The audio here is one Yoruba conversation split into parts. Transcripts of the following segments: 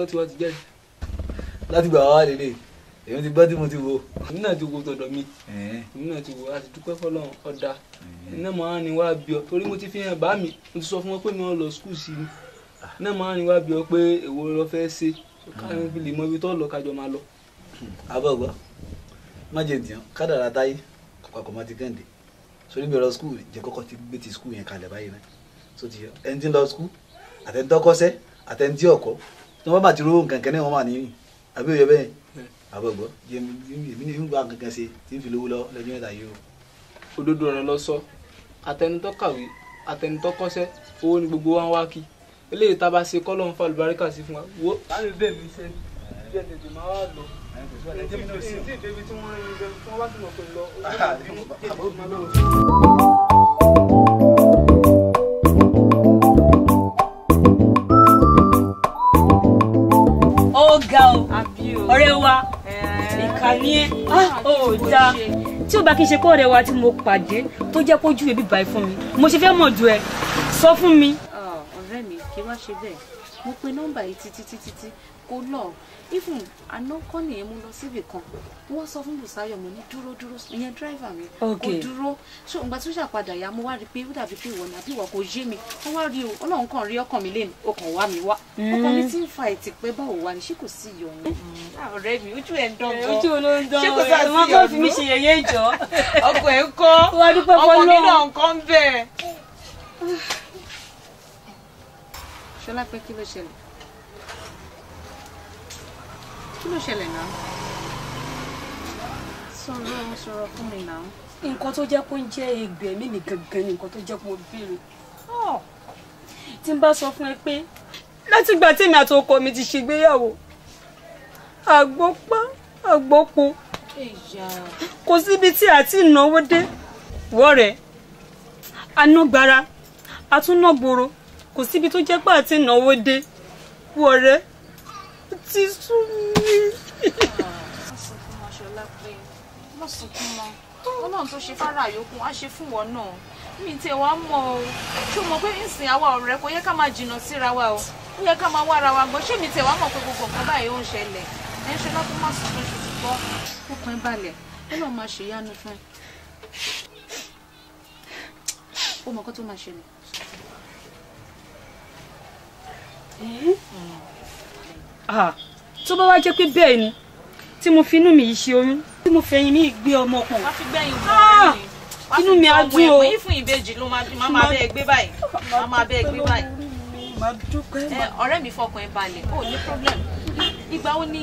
sọ tiwa ti jáde láti gbà wá lélẹ̀ èmi ti gbọ́ tí mo ti wo èmi náà ti wo tọ̀dọ̀ mi èmi náà ti wo a ti dúpẹ́ fọlọ́run ọ̀dà iná máa ní wá bí ọ torí mo ti fi hàn bá mi mo ti sọ fún wọn pé mi ò lọ skul sí i iná máa ní wá bí ọ pé èwo lọ fẹ́ ṣe káyọ̀ hmm. fi lè mọ ibi tó lọ kájọ máa lọ. abọ́gbọ́ má jẹ ǹdíyàn kádàrá táyé kọ̀kọ̀ má ti kẹ́ǹdé sórí mi lọ skul jẹ́ kọ́kọ́ ti gbé ti skul yẹn kalẹ̀ báyìí náà so ti ẹni tí lọ skul tí wọ́n bá ti rówó nǹkankan náà wọ́n wà níyìn àbí òye bẹ́ẹ̀ àbọ̀gbọ́ èmi ní ìgbà kankan ṣe tí ń fi lówó lọ lọ́jọ́ mẹ́ta yìí o. òdodo ọ̀rọ̀ lọ sọ àtẹnitọ́ kàwé àtẹnitọ́ kọ́ṣẹ́ owó ni gbogbo wa ń wá kí eléyìí tá a bá ṣe kọ́ lọ́n fa àlùbáríkà sí fún wa wo láti bẹ́ẹ̀ mi ṣe jẹ́ tètè máa wá lọ ètí tí wọ́n bá sì mọ̀ pé lọ ó ga o ọ̀rẹ́ wa ìkànnì ẹ̀ ah, ó dáa tí ó bá kí n ṣe kọ́ ọ̀rẹ́ wa tí mo pàdé tó jẹ́ kó júwe bíbá ẹ fún mi mo ṣe fẹ́ mọ̀ ju ẹ sọ fún mi. ọ̀rẹ́ mi kí wá ṣe bẹ́ẹ̀ mo pe nọ́mbà yìí títí títí kó lọ ifun àná kọ́ nìyẹn mú lọ síbì kan wọ́n sọ fún Bùsáyọ̀ mo ní dúró dúró ìyẹn dírẹ́fà mi kò dúró so ìgbà tí ó ṣàpadà yà mo wá rí i pé ó dàbí pé ìwọ nàbí ìwọ kò yé mi wọ́n wá rí o ọlọ́run kàn rí ọkàn mi lẹ́nu ọkàn wá mi wá ọkàn mi mm. ti ń fa ìtìpẹ́ báwo wá ni ṣé kò sí ìyọnu. Mm. Ah, ọ̀rẹ́ mi ojú ẹ̀ ń dán eh, gan ojú ló ń dán ṣé kò sáà sí fi mi ṣe yẹyẹ ìjọ ọkọ ẹ̀ ń kọ́ ọmọ nínú nǹkan bẹ́ẹ̀. ṣọlá pé kí ló ṣẹlẹ̀ kí ló ṣẹlẹ̀ náà sọ̀rọ̀ sọ̀rọ̀ fún mi náà. nǹkan tó jẹ́ kó ń jẹ́ egbò ẹ̀mí mi gangan ni nǹkan tó jẹ́ kó ń béèrè tí n bá sọ fún ẹ pé látìgbà tí èmi àti ọkọ mi ti ṣègbéyàwó àgbópá àgbópo kò síbi tí a ti náwó dé wọ́rẹ̀ anágbára atúnnágboro kò síbi tó jẹ́ pé a ti náwó dé wọ́rẹ́ ti sú mi. mo sunkún mọ ọlọ́run tó ṣe fara yòókù á ṣe fún wọn náà mi tẹ wá mọ o ṣó mọ pé ìsìn àwa ọ̀rẹ́ kò yẹ ká máa jìnnà síra wa o ó yẹ ká máa wá ara wa gbọ́ ṣé mi tẹ wá mọ pé gbogbo nǹkan báyìí ó ń ṣẹlẹ̀ ẹ ń ṣe lọ́kùn má sunkún ṣùgbọ́n gbọ́ ọkùnrin balẹ̀ ó lọ́ọ́ máa ṣèyánu fún ẹ ó mọ nǹkan tó máa ṣẹlẹ̀. Ah, tó bá wá jẹ́ pé bẹ́ẹ̀ ni tí mo fi inú mi yìí ṣe oyún tí mo fẹ̀yìn ah, mi gbé ọmọ ọkùnrin. wá fi gbẹ̀yìn bọ̀ inú mi á dùn o. wọ́n fún ìbejì ló máa máa bẹ́ẹ̀ gbé báyìí máa máa bẹ́ẹ̀ gbé báyìí. ọ̀rẹ́ mi fọkàn ẹ balẹ̀ ó ní problem ìgbà ó ní.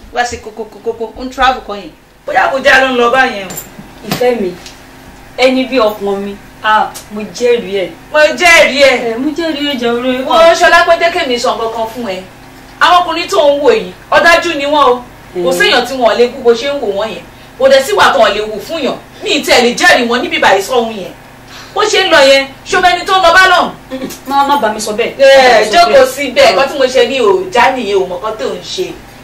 wá sí kókókókó ń travel kọ́ yẹn bóyá Àbújá ló ń lọ báyẹn o. ìfẹ́ mi ẹni bí ọkàn mi mo jẹ́rìí ẹ̀. mo jẹ́rìí ẹ̀. mo jẹ́rìí ẹ̀ jẹun lórí. wọ́n ṣọlá pé jẹ́kẹ̀mí sàn kankan fún ẹ àwọn ọkùnrin tó ń wò yìí ọ̀dájú ni wọ́n o kò séèyàn tí wọ́n lè kú bó ṣe ń wò wọ́n yẹn kò dẹ̀ síwà kan lè wù fún yàn ní ìtẹ̀ lè jẹ́rìí wọn níbi ìbàyí sọ́hun yẹn bó ṣe ń lọ yẹn ṣọmẹni tó ń lọ bá lọ́hùn. má má bà mí sọ bẹ́ẹ̀. ẹ jókòó síbẹ̀ kọ́ tí mo ṣe ní òòjá nìyẹn òmọ̀kọ́ tó ń ṣe.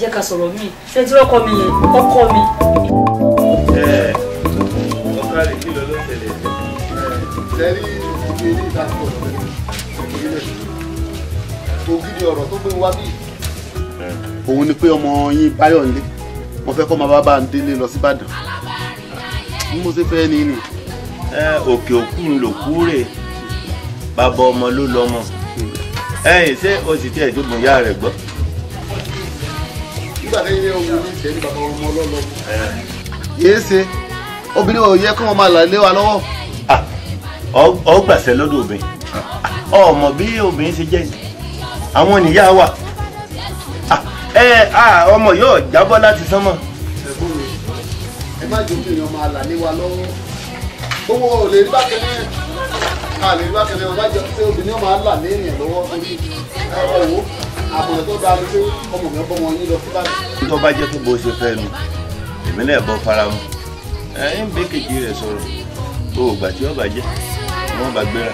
jẹ́ ká sọ̀rọ̀ mi ṣé tí ọkọ mi yẹn ọkọ mi. ọkọ rẹ kí ló ló tẹ́lẹ̀ lẹ́rí ìgbé ní ìdájọ́ ọ̀rọ̀ ògidì ọ̀rọ̀ tó gbé wá bí. òun ni pé ọmọ yín báyọ̀ nílé mo fẹ́ kọ́ máa bá bá ń délé lọ sí Ìbàdàn mo ṣe fẹ́ ni ni. òkè òkun lòkú rè bàbá ọmọ ló lọ́mọ ẹ̀yìn ṣé o sì tiẹ̀ jókòó ìyá rẹ̀ gbọ́ nígbà tẹ́yìn ní owó ní ìṣẹ́ ní bàbá ọmọ ọlọ́lọ́. yéé ṣe obìnrin ò yẹ kí wọ́n máa là lé wa lọ́wọ́. Ah, ọ gbàṣẹ lọ́dọ̀ obìnrin ah, ọmọ bí obìnrin ṣe jẹ́ àwọn nìyá wa ah, ọmọ yóò jábọ́ láti sánmọ̀. ẹ̀gbọ́n mi ẹ má jòkó èèyàn máa là lé ò lè rí bákan náà lè rí bákan náà pé obìnrin máa là lé èèyàn lọ́wọ́ torí ẹ̀rọ ìwò àbọ̀rẹ̀ tó dáa ni pé ọmọ mi bọ́ wọn yín lọ síbàdàn. tó bá jẹ́ pé bó ṣe fẹ́ nu èmi náà bọ́ fara mu ẹ ń bẹ́ kejì rẹ̀ sọ̀rọ̀ gbogbo ìgbà tí ọba jẹ́ wọn bá gbéra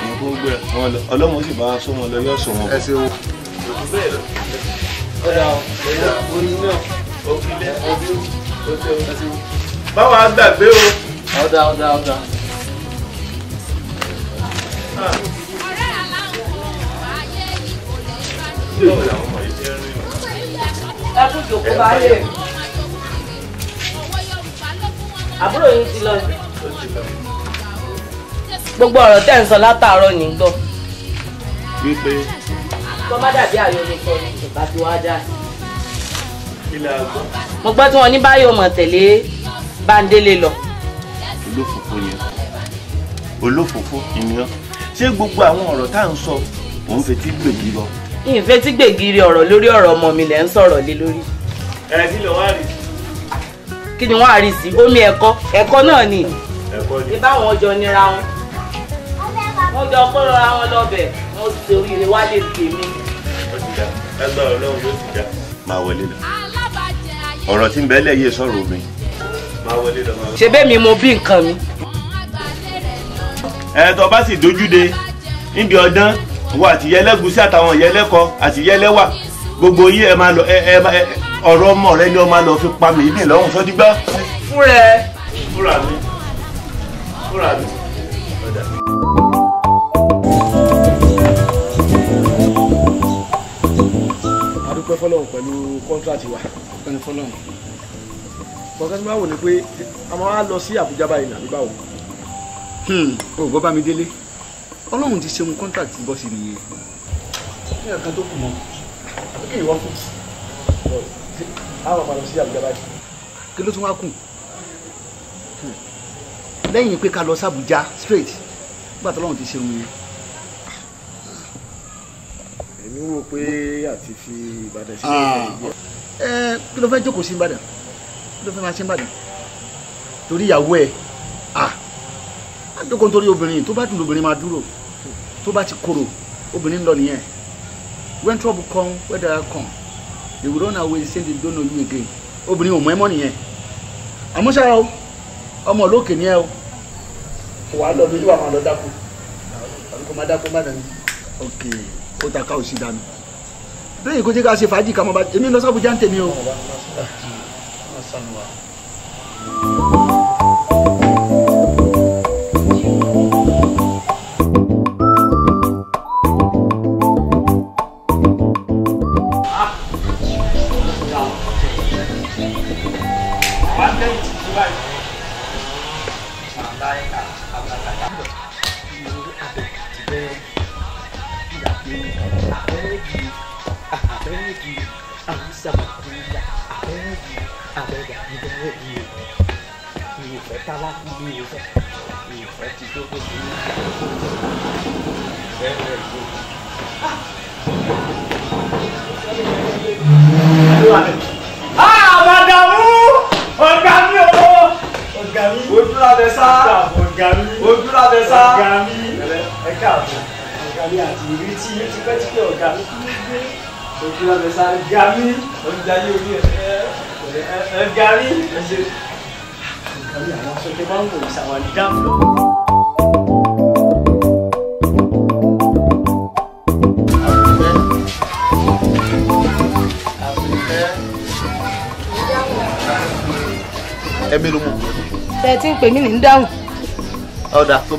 wọn kó gbéra wọn lọ ọlọ́mọ sì bá sọ wọn lọ yọ sọ wọn. ẹ ṣe wo. báwa gbàgbé o. ọ̀dà ọ̀dà ọ̀dà. ẹkú jòkó bá lè àbúrò yín ti lọ gbogbo ọ̀rọ̀ tẹ́ ń sọ látàárọ̀ ní gbọ́. wípé. tó bá dàbí àyọ̀nìkan ni ìbá ti wá dá sí. ilé àgọ́. mo gbọ́ tí wọ́n ní báyọ̀ mọ̀ tẹ̀lé báńdélé lọ. olófòfó yẹn olófòfó ìnìyàn ṣé gbogbo àwọn ọ̀rọ̀ tá à ń sọ òun fetí gbèjì lọ ìfẹ́ tí gbègiri ọ̀rọ̀ lórí ọ̀rọ̀ ọmọ mi lẹ̀ ń sọ̀rọ̀ lé lórí. ẹ kí ló wá rí. kí ni wọ́n á rí sí omi ẹ̀kọ́ ẹ̀kọ́ náà ni. ẹ̀kọ́ ni. ìbáwọn ọjọ́ nira wọn. wọ́n jọ kó rọra wọn lọ́bẹ̀ wọ́n ṣe oríire wá lè tèmi. ó ti dá ẹgbẹ́ ọlọ́run ló ti dá. máa wọlé lọ. ọ̀rọ̀ tí ń bẹ lẹ́yẹ sọ̀rọ̀ omi. máa wọlé lọ. ṣe bẹ́ẹ̀ mi mo bí nǹkan mi. ẹ̀ tọ́ bá sì dojúde níbi ọdán ìwọ àti yẹlẹgùsí àtàwọn yẹlẹkọ àti yẹlẹwà gbogbo yìí ẹ máa lọ ẹ ẹ ọ̀rọ̀ ọmọ rẹ ni ọ máa lọ fi pa mí ní lọ́rùn sọdí fúnra ẹ. fúnra mi fúnra mi. a fọlọ́run pẹ̀lú kọ́ńtrátì wa. pẹ̀lú fọlọ́run. bọ́kẹ́ tí wò ni pé a máa lọ sí Àbújá báyìí nàbí báwo. Hmm. o gbọ́ bá mi délé ọlọ́run ti ṣe mu contract bọ́ sí nìyẹn. ní ẹ̀ka tó kù mọ́ ó kì í wọ́n fún àwọn ọmọ sí àbújá báyìí. kí ló tún wá kù lẹ́yìn pé ká lọ sàbújá straight nígbà tó ọlọ́run ti ṣe mu yẹn. èmi wò pé àti fi ìbàdàn sí ah. ìbàdàn. ẹ kí ló fẹ́ jókòó sí ìbàdàn kí ló fẹ́ máa ṣe ìbàdàn torí ìyàwó ẹ̀ à ah, á jókòó nítorí obìnrin tó bá dùn lóbìnrin máa dúró tó bá ti koro obìnrin lọ nìyẹn when trouble come when there come they will run away say they don't know you again obìnrin ò mọ ẹmọ nìyẹn àmúṣára o ọmọ olókè ni ẹ o. wà á lọ bí wàá máa lọ dáko àbíkó máa dáko má dání. ok ó ta ká ò sí dání lẹ́yìn kó jẹ́ ká ṣe fàájì ká mọ́ bá èmi lọ sábùjá ń tèmi o. ọ̀rọ̀ wa máa sànù wa.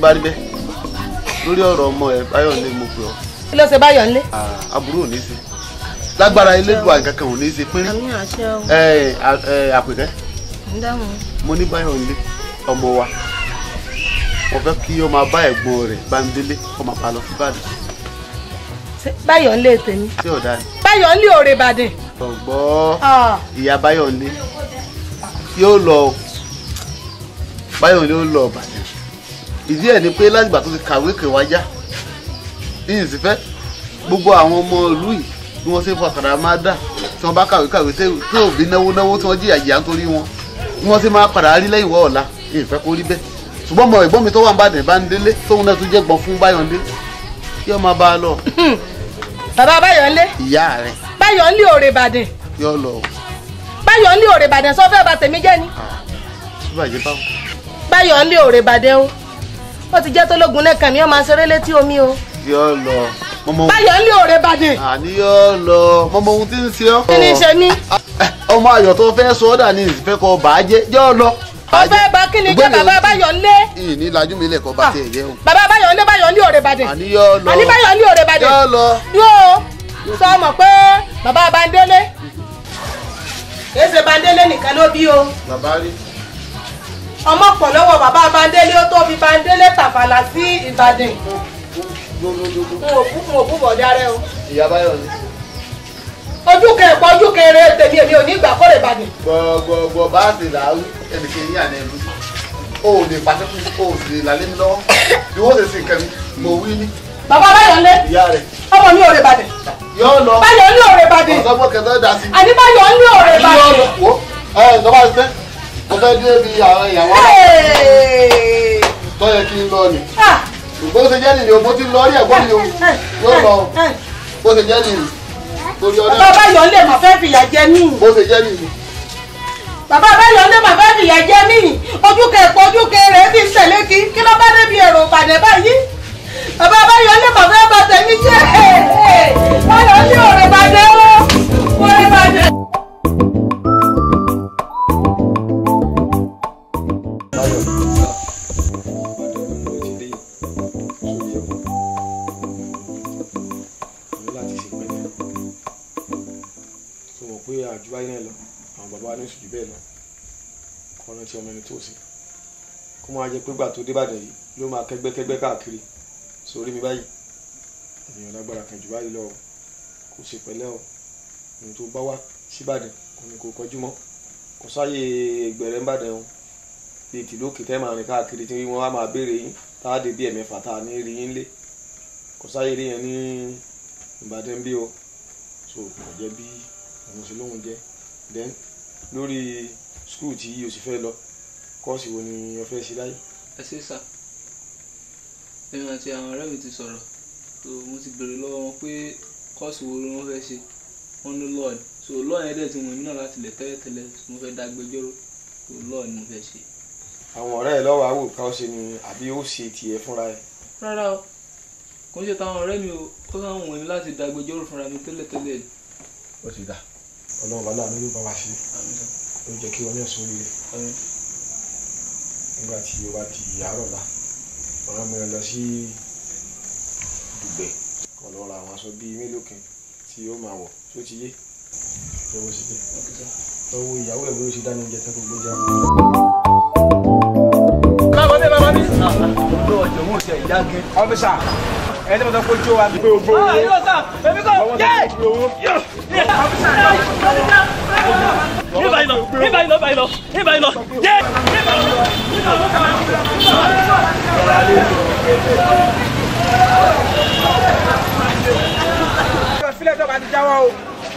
bá rí bẹ́ẹ̀ lórí ọ̀rọ̀ ọmọ ẹ báyọ̀nlé mo pè ọ́. kí ló ṣe báyọ̀nlé. aburú ò ní í ṣe lágbára elédùn àgàkan ò ní í ṣe pínrín àpèkẹ́ mo ní báyọ̀nlé ọmọ wa mo fẹ́ kí ó máa bá ẹ̀gbọ́n rẹ̀ Bámidélé kó máa bá lọ sí Ìbàdàn. báyọ̀nlé tèmi. ṣé ọ̀dà ni. báyọ̀nlé òrè Ìbàdàn. ọ̀gbọ́ ìyá báyọ̀nlé yóò lọ báyọ̀nlé ó lọ Ìbàdàn ìdí ẹ̀ ni pé láti ìgbà tó ti kàwé kè wá yá ní ìsìfẹ́ gbogbo àwọn ọmọ ìlú yìí bí wọ́n ṣe fọkàrà máa dà tí wọ́n bá kàwé kàwé tí òbí náwó náwó tí wọ́n jìyà jìyà nítorí wọn bí wọ́n ṣe máa padà rí lẹ́yìn wọ́ ọ̀la ìfẹ́ kó rí bẹ́ẹ̀ ṣùgbọ́n ọmọ ẹ̀gbọ́n mi tó wà ń bàdàn bá ń délé tóun náà tún jẹ́ gbọ́n fún báyọ̀ndé kí ọ máa bá a lọ. bàbá báyọ̀lé. ìyá rẹ. báyọ̀lé òrè bàdàn. yọ lọ. báyọ̀lé òrè bàdàn sọ fẹ́ bá tèmi jẹ́ ni. báyọ̀ ń lé òrè bàdàn o ó ti jẹ́ tó lógun lẹ́kàn mi ó máa ṣeré létí omi o. yóò lọ mọmọ. báyọ̀ ń lé òré bàdé. àní yóò lọ mọmọ ohun tí ń ṣe ọ́. kí ni ṣe ní. Eh, ọmọ ayọ̀ tó fẹ́ sọ ọ́ dà ní ìfẹ́ kọ bàájẹ́ yóò lọ. ó fẹ́ bá kí ni jẹ́ bàbá báyọ̀ ń lé. ìyìn ní lajú mi lẹ́kọ̀ọ́ bá tiẹ̀ yẹ o. bàbá báyọ̀ ń lé báyọ̀ ń lé òré bàdé. àní yóò lọ àní báyọ̀ ń lé òré bàdé. yóò lọ. yóò sọ mọ̀ pé bàbá Bandele. kèsè Bandele nìkan ló bí o. bàbá rí ọmọ pọ̀ lọ́wọ́ bàbá bandele ó tó fi bandele tàfàlà sí ìbàdàn n ò fún n ò o. ìyá báyọ̀ ni. ojú kẹ̀kọ́ ojú kẹrẹ tèmi èmi ò ní ìgbà kọ́rẹ̀ ìbàdàn. gbọ̀gbọ̀gbọ̀ bá a sì là á ẹnìkan ní àná ẹ̀mí o ò lè pàṣẹ fún o ò sì lè là mi lọ́wọ́ bí wọ́n ṣe kẹ́mi mo wí ní. bàbá báyọ̀ lé ọmọ mi ò rè bàdàn. yọ lọ báyọ̀ òrè bàdàn. ọ̀sán mo fẹ́ dé bí àwọn ìyàwó tó yẹ kí n lọ ni bó ṣe jẹ́ nìyí o mo ti lọ rí ẹ̀gbọ́n mi o yóò lọ bó ṣe jẹ́ nìyí torí ọdẹ. bàbá báyọ̀ lè mà fẹ́ fìyà jẹ mí. bó ṣe jẹ́ nìyí. bàbá báyọ̀ lè mà fẹ́ fìyà jẹ mí ojú kẹ̀kọ́ ojú kẹrẹ̀ bí tẹ̀lé kí kí ló bá débi èrò ìbàdàn báyìí bàbá báyọ̀ lè mà fẹ́ bàtẹ̀ mi jẹ́ báyọ̀ ní òrè bàdẹ́. báyìí náà lọ àwọn bàbá wa ní oṣù jù bẹ́ẹ̀ lọ kọ́ ọ́nà tí ọmọ ẹni tó sí kó máa jẹ pé gbà tó débàdàn yìí ló máa káàkiri sórí mi báyìí lágbára kan jù báyìí lọ kò ṣe pẹ̀lẹ́ o ohun tó bá wá síbàdàn kò ní kò kọjú mọ́ kò sáyè ìgbẹ̀rẹ̀ ń bàdàn o máa rìn káàkiri tí a òun sì lóun then lórí skul tí o sì fẹ́ lọ kọ́ọ̀sì wo ni o fẹ́ ṣe láyé. ẹ ṣe sà èmi àti àwọn ọ̀rẹ́ mi ti sọ̀rọ̀ tó mo ti béèrè lọ́wọ́ wọn pé kọ́ọ̀sì wo ni wọ́n fẹ́ ṣe wọ́n ní lọ́ọ̀ ni so lọ́ọ̀ yẹn dẹ̀ ti wọ̀n mí náà láti lẹ̀ tẹ́lẹ̀tẹ́lẹ̀ mo fẹ́ dágbẹjọ́rò so lọ́ọ̀ ni mo fẹ́ ṣe. àwọn ọ̀rẹ́ ẹ lọ́wọ́ àwò ká ó ṣe ni àbí ó ṣe tiẹ̀ fúnra ẹ. rárá o kò ń ṣe táwọn ọ̀rẹ́ mi o ó sáwọn wọ̀n mi láti dágbẹjọ́rò fúnra mi tẹ́lẹ̀tẹ́lẹ̀ ni. ó ti dáa ọlọ́run bàálà ní yóò bá wa ṣe ló jẹ́ kí wọ́n yàn sórí rẹ̀ nígbà tí o bá di àárọ̀ la wọ́n á mú ẹ lọ sí dùgbẹ̀ kọ́ lọ́ọ́ ra àwọn aṣọ bíi mélòó kan tí ó máa wọ̀ tó ti yé lọ́wọ́ síbẹ̀ lọ́wọ́ ìyàwó ẹ̀ bó ṣe dání oúnjẹ tẹ́kọ̀ gbọ́jà. báwo ni bàbá mi. ọ̀dọ́ ọ̀jọ̀gbọ́n ti ẹ̀ já gé. ọ́fíìsà ẹ ní mo sọ pé jó wa. ìgbé ògbó owó yóò Yeah, yeah, yeah. yé yóò nígbà yìí lọ nígbà yìí lọ nígbà yìí lọ nígbà yìí lọ yé nígbà yìí lọ nígbà yìí lọ. sílẹ̀ tó bá ti jáwọ́ o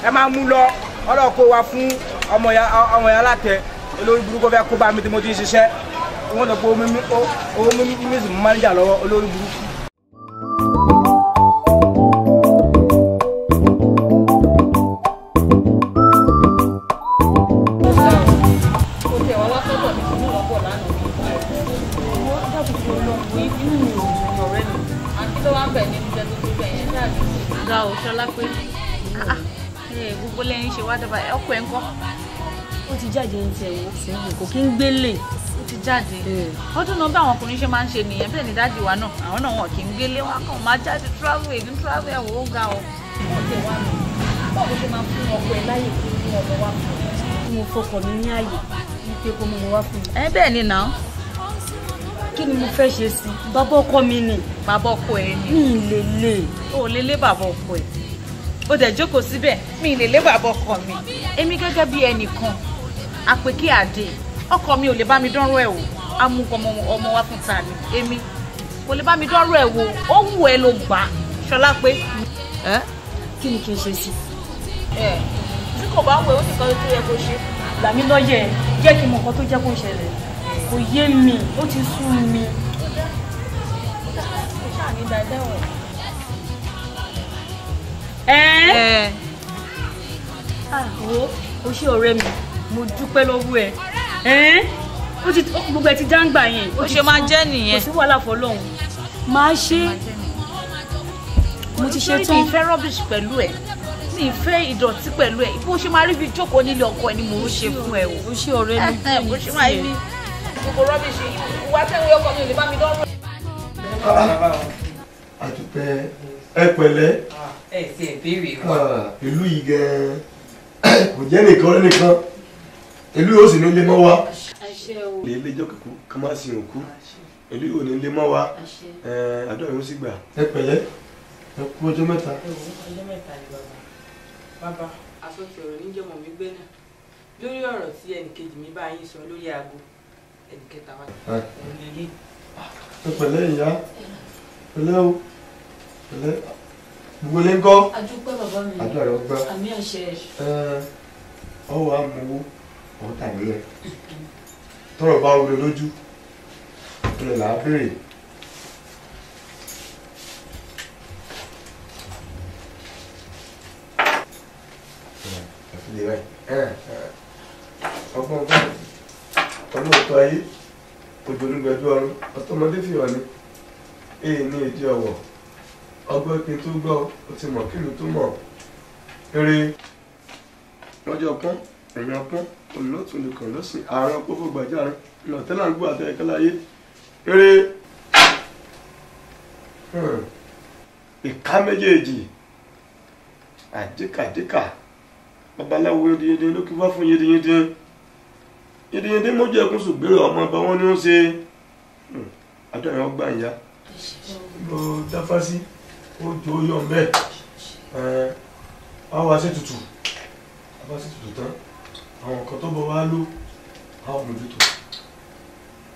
ẹ máa mú lọ ọlọ́kọ̀ o fún ọmọ yàrá látẹ̀ olórí O fẹ́ kó bá mi tí mo ti ń ṣiṣẹ́ o lọ pé o mímí sí mú o lọ́wọ́ olórí burúkú. kò kí ń gbélé ó ti jáde eh. ọdún náà bí àwọn ọkùnrin ṣe máa ń ṣe nìyẹn bẹ́ẹ̀ ni dáàdi wa náà àwọn náà wọn kì í gbélé wọn kàn máa jáde travel èdè travel ẹ̀wọ̀ ó ga ọ. báwo ṣe máa fún ọkọ ẹ láyè kí ní ọmọ mo fọkàn mi ní àyè wípé kó mo wá fún mi. ẹ bẹ́ẹ̀ ni náà kí ni mo fẹ́ ṣe sí bàbá ọkọ mi ni. bàbá ọkọ ẹ ni. mi lè lè. o lè lé bàbá ọkọ ẹ o dẹ̀ jókòó síbẹ̀ mi lè lé bàbá ọkọ mi. èmi gẹ́gẹ́ bí ẹnìkan àpèké àdé ọkọ mi ò lè bá mi dánrọ ẹ o amúkọ ọmọ wa fún ta ni èmi kò lè bá mi dánrọ ẹ wo ó wù ẹ ló gbà á ṣọlá pé. ẹ kí ni kí n ṣe sí. ẹ tí kò bá wẹ ó sì kọ́ tó yẹ kó ṣe. làmí lọ́yẹ̀ jẹ́ kí n mọ̀ nǹkan tó jẹ́ kó ṣẹlẹ̀ kò yé mi ó ti sú mi. kò ṣáà ní dáadáa wọ̀. ẹ ẹ àwo ah, o ṣé ọ̀rẹ́ mi mo dúpẹ́ lọ́wọ́ ẹ ó ti gbogbo ẹ ti dáńgbà yẹn. ó ṣe máa jẹ́ nìyẹn. kò sí wàhálà fọlọ́hún máa ṣe mo ti ṣe tán. mi ìfẹ́ rubbish pẹ̀lú ẹ̀ mi ìfẹ́ ìdọ̀tí pẹ̀lú ẹ̀ bó ṣe máa rí fi jókòó nílé ọkọ ẹ ni mò ń ṣe fún ẹ o. o ṣe ọ̀rẹ́ mi bí mi ti ẹ̀. gbogbo rubbish ìwà tẹ́wọ́ ọkọ mi ò lè bá mi dánwò. Ah, àdùpẹ́ ẹ pẹ̀lẹ́. Ah, ẹ ti ẹ̀ béèrè wa. Ah, ìlú yìí gan-an kò jẹ́ nìkan nìkan ìlú yóò sì ní lé mọ́ wa ilé ìjọ kìkú ká má sin òkú ìlú yóò ní lé mọ́ wa àdúrà yóò sì gbà. ẹ pẹ̀lẹ́ ẹ kú ọjọ́ mẹ́ta. ọjọ́ mẹ́ta ni bàbá bàbá asọ́tì ọ̀rọ̀ níjọ́mọ̀ mi gbẹ́ náà lórí ọ̀rọ̀ tí ẹnìkejì mi bá yín sọ lórí aago ẹnìkẹta wa ẹ pẹ̀lẹ́ ìyá pẹ̀lẹ́ o pẹ̀lẹ́ gbogbo ilé ń kọ́. àdúgbò bàbá mi àdúrà yóò gbà. àmì àṣẹ. ọwọ́ àmọ́wó ó tàbí rẹ̀ tọrọ bá wúlò lójú ó lè là á béèrè. ọgbọ́n ọgbọ́n olóòótọ́ ayé òjòlúgbẹ̀jú ọrùn ọtọmọdé fìwà ni èyí ní èdè ọ̀wọ̀ ọgbọ́n kí n tó gbọ́ ó ti mọ̀ kí n tó mọ̀ eré lọ́jọ́ pọ́n ẹ̀yìn ọpọ́n olóòtú nìkan lọ́sìn àárọ̀ pópó gbàjáre lọ́tẹ́lá ń gbọ́ àtẹ̀yẹ̀kẹ́ láyé eré hmm, ìka méjèèjì àdíkàdíkà babaláwo yediyede ló kí wá fún yediyede yediyede mójú ẹkún ṣùgbẹ́rẹ́ ọmọ ọba wọn ni ó ṣe hmm, adúlọ̀ yẹn gbà ń ya lọ dáfásí ó jó yọ̀ ń bẹ́ẹ̀ ẹ wá wá sí tutù wá sí tutù tán àwọn nǹkan tó bọ̀ wá ló àwọn olójútó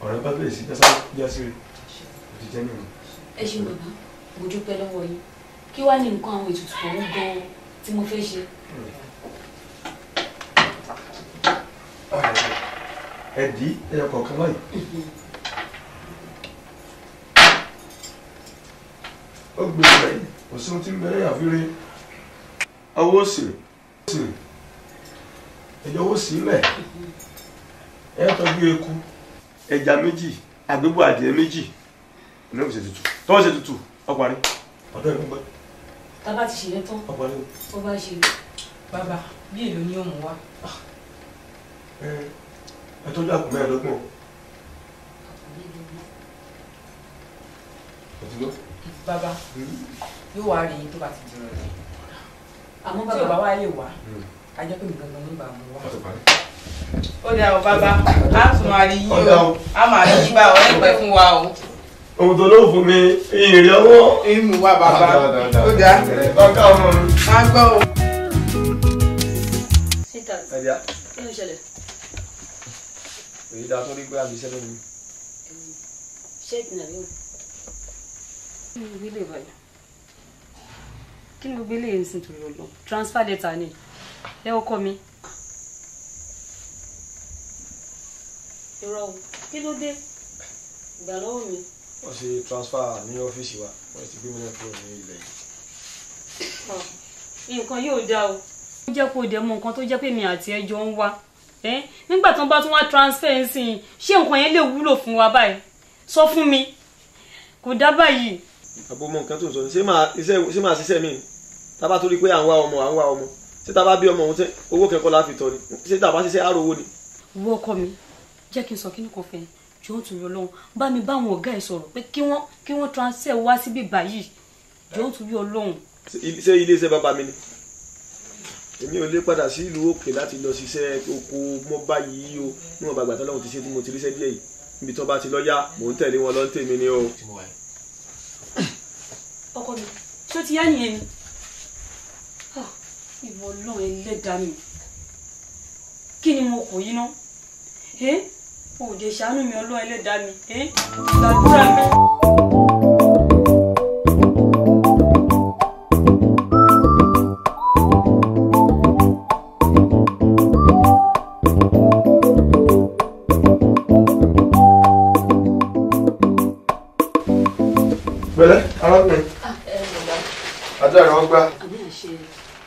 ọ̀rẹ́ bá bẹ̀rẹ̀ sí jásáré jásíré òjì jẹ́ mìíràn. ẹ ṣe bàbá mo dúpẹ́ lọ́wọ́ yín kí wàá ní nǹkan àwọn ètùtù ọ̀hún gan-an tí mo fẹ́ ṣe. ẹ̀dí ẹ̀yọ kọ̀ọ̀kan báyìí. ó gbé e ìgbà kò sí ohun tí ń bẹ̀rẹ̀ àfihàn owó sì rè ẹjọ́ ó sílẹ̀ ẹ tọ́jú eku ẹja méjì àgbébọ̀ adìẹ méjì ọ̀nà ìṣe tutù tọ́wọ́ ṣe tutù ọparí ọ̀dọ́ ìgbọ́n gbẹ́. tábà ti ṣe é tán ọparí o. ó bá ṣe bàbá bí èlò ni ó mú wa. ẹ tọ́jú àpò mẹ́ẹ̀ẹ́dọ́gbọ̀n. bàbá hmm? yóò wá rí i tó bá ti dìrọ̀ rẹ̀ àmọ́ bàbá wa lè wá. Hmm ajẹ́ pé nǹkan kan tó ló fún mi ìrìn ọwọ́. ìmú wa bàbá ó dà ọkà ọmọ mi. má gbọ́ o. síta kí ló ṣẹlẹ̀. èyí dáa tó rí pé àbí sẹ́lẹ̀ mi. ṣé ìpínlẹ̀ yóò. kí ló gbélé báyìí kí ń sìn torí ọlọ transfer letter ni ẹ ọkọ mi. irọ́ o kí ló dé ìgbà lọ́wọ́ mi. wọ́n ṣe transfer ní ọ́fíìsì wa wọ́n ti gbé mi náà kúrò ní ilẹ̀ yìí. nǹkan yóò o. ó jẹ́ kó o dẹ̀ mọ nǹkan tó jẹ́ pé mi àti ẹ jọ ń wá nígbà tó ń bá tún wá transfer ń sìn ṣé nǹkan yẹn lè wúlò fún wa báyìí sọ fún mi kò dá báyìí. àbomọ nǹkan tó ń sọ ni ṣé màá ṣiṣẹ́ mi tábà torí pé à ń ṣé tá a bá bí ọmọ òun tẹ owó kẹ́kọ̀ọ́ la fi tọ́ ni ṣé tá a bá ṣiṣẹ́ àrò owó ni. wọ ọkọ mi jẹ́ kí n sọ kí ni kò fẹ́ jọ ń tún yọ lọ́hùn bá mi bá àwọn ọ̀gá ẹ̀ sọ̀rọ̀ pé kí wọ́n kí wọ́n transfer wá síbí báyìí jọ ń tún yọ lọ́hùn. ṣé ilé iṣẹ́ bàbá mi ni èmi ò lè padà sí ìlú òkè láti lọ ṣiṣẹ́ oko mọ́ báyìí o níwọ̀n bàgbà tó lọ́hùn ti ṣe tí mo ti ríṣẹ́ díẹ̀ yìí níbi tó bá ti lọ́yà mò ń tẹ̀lé wọn lọ́ntèmi ni o. ọkọ mi ṣó ti yá nìyẹn ni ìwọ ọlọ́run ẹlẹ́dàá mi kí ni mo kù yín ná ẹ o ò jẹ ṣàánú mi ọlọ́run ẹlẹ́dàá mi ẹ gbàdúrà mi. Bẹ̀rẹ̀ arábìnrin. Ah, Àdúrà rẹ̀ wọ́n gbá.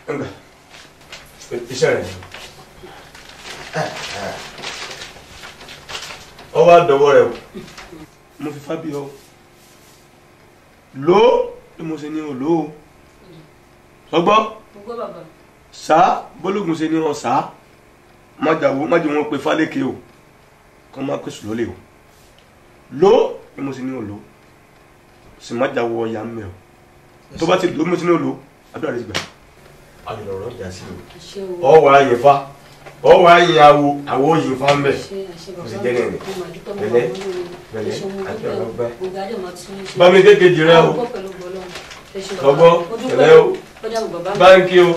Yürü be. Iṣẹ́ rẹ̀. Ọ wá dọ̀wọ́ rẹ̀ o. Mo fi fábí ọ. Ló ni mo ṣe ní òló o. Sọgbọ́. Mo gbọ́ bàbá. Sá bólógun ṣe ní ọ̀sá. Májàwó májì wọn pe fálékè o. Kọ́ máa pèsè lólè o. Ló ni mo ṣe ní òló. Sì májàwó ọ̀yà ń mẹ́ o. Tó àlọ́rọ̀ jà sí o ọwọ́ àyèfá ọwọ́ àyè awo àwọn òyìnfá ń bẹ̀ kò sì jẹ́nà rẹ̀ pẹ̀lẹ́ pẹ̀lẹ́ àti ọ̀rọ̀ bá bámi kékeré rẹ o ọgbọ́ pẹ̀lẹ́ o báńkì o.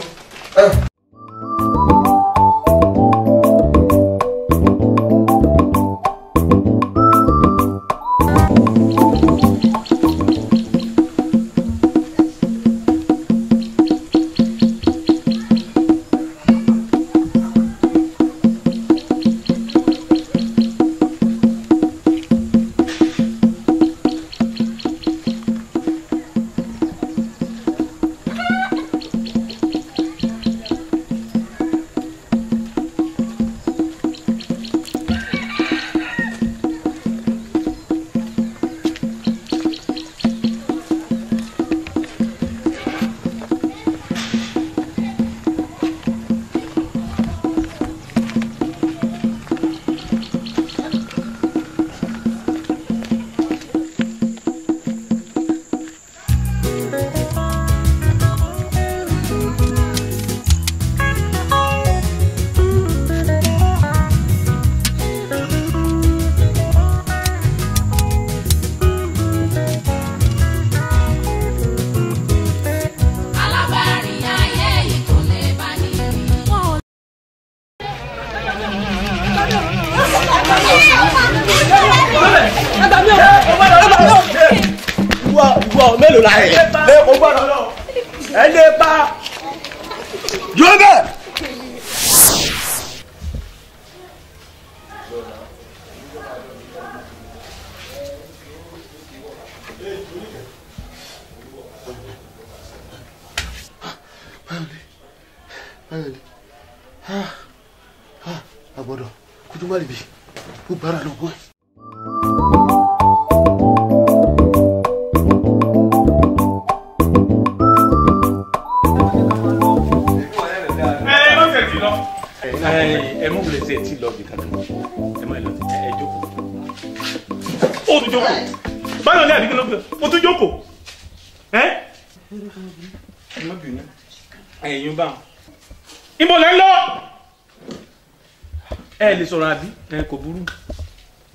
ẹ lè sọ̀rọ̀ àbí ẹ kò burú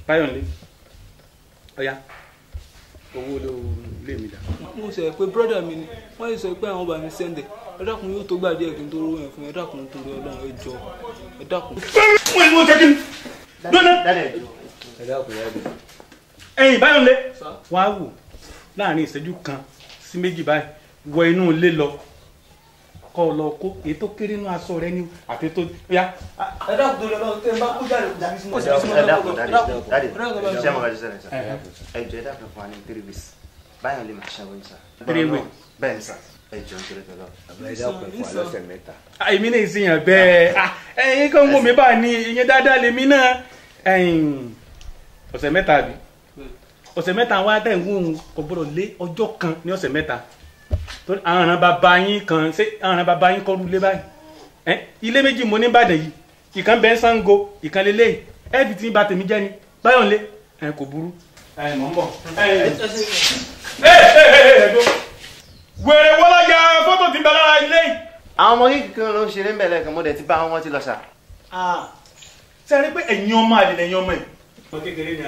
báyọ̀nlé ọ̀ya owó ló lè mi dà. mo sọ pé brọ́dà mi ni wọ́n yìí sọ pé àwọn bá mi sẹ́ndẹ̀ ẹ dákun yóò tó gbàdé ẹ̀kí tó rówó yẹn fún ẹ dákun torí ọlọ́run ẹ jọ ẹ dákun. wọ́n ní mo jẹ́ kí ni. ẹ̀yin báyọ̀nlé wàá wò láàrin ìṣẹ́jú kan sí méjì báyìí wọ inú ilé lọ kọ́ ọ lọ kó èyí tó kéré nínú aṣọ rẹ ni àti tó yá. ẹ dákun tó lọ lọ tẹ ẹ bá kó jáde kó jáde sínú ọjà sínú ọjà kó jáde jáde ṣé àwọn ọjà sẹlẹ sẹlẹ ẹ jọ ẹ dákun fún wa ní three weeks báyọ̀ lè máa ṣàwọn ìṣà. three weeks bẹ́ẹ̀ ni sà ẹ jọ ń tẹ̀lé tọ́lọ́ ẹ dákun fún wa lọ́sẹ̀ mẹ́ta. èmi náà ìsìnyàn bẹ́ẹ̀ ẹ̀yin kan wọ́n mi bá ní ìyẹn dáadáa lèmi náà ọ̀sẹ̀ mẹ́ta bí ọ̀sẹ̀ mẹ́ta wa tẹ̀ ń wọ́n àràn bàbá yín kan ṣé àràn bàbá yín kọ́ rúlé báyìí ẹ ilé méjì mo ní Ìbàdàn yìí ìkan bẹ́ẹ̀ Ṣàngó ìkan lélẹ̀ yìí ẹ̀ẹ́dì tí ń ba tèmi jẹ́ ni báyọ̀ ńlẹ̀ ẹ̀ kò burú ẹ̀ mọ̀ ń bọ̀ wèrè wọ́lájà fọ́tò ti bẹ̀rẹ̀ ara ilé yìí. àwọn ọmọ yìí kan ló ń ṣeré ń bẹ̀rẹ̀ kan mo dẹ̀ ti bá wọn ti lọ sà. ṣe rí pé ẹ̀yin ọmọ àdìlẹ̀ ẹ̀yin ọmọ yìí. ọkẹ́kẹ́rẹ́ ni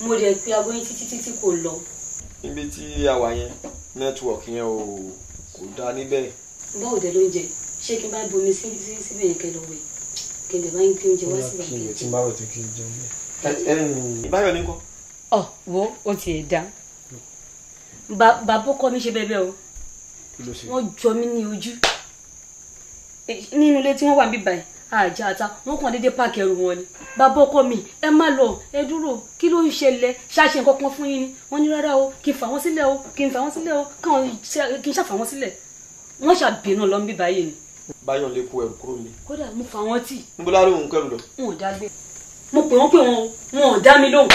mo dẹ̀ pé aago yín títí títí kò lọ. níbi tí a wà yẹn network yẹn ò kò dá níbẹ̀. báwo dẹ ló ń jẹ ṣé kí n bá bomi sí síbẹ̀ yẹn kẹlọ wẹ̀ kí n dẹ̀ bá ń gbé oúnjẹ wá síbẹ̀ kí n jẹ. kí n bá wẹ̀ tí kì í jẹun bẹ́ẹ̀. ìbáyọ̀ ní kọ́. ọ wo o tiẹ̀ dá bàbá kọ́ mi ṣe bẹ́ẹ̀ o wọ́n jọ mí ní ojú nínú ilé tí wọ́n wà níbí báyìí àjàta wọn kàn déédéé páàkì ẹrù wọn ni bàbá ọkọ mi ẹ má lọ ẹ dúró kí ló ń ṣẹlẹ̀ ṣáṣe nǹkan kan fún yín ni wọn ní rárá o kí n fà wọn sílẹ̀ o kí n fà wọn sílẹ̀ o káwọn kí n ṣàfà wọn sílẹ̀ wọn ṣàbínú lọ ń bí báyìí ni. báyọ̀ lè kó ẹrù kúrò mi. kódà mo fà wọn tì. n bọ́lá lóhùn kẹrù lọ. n ò dá gbé mo pè wọ́n pè wọn ò dá mi lóhùn.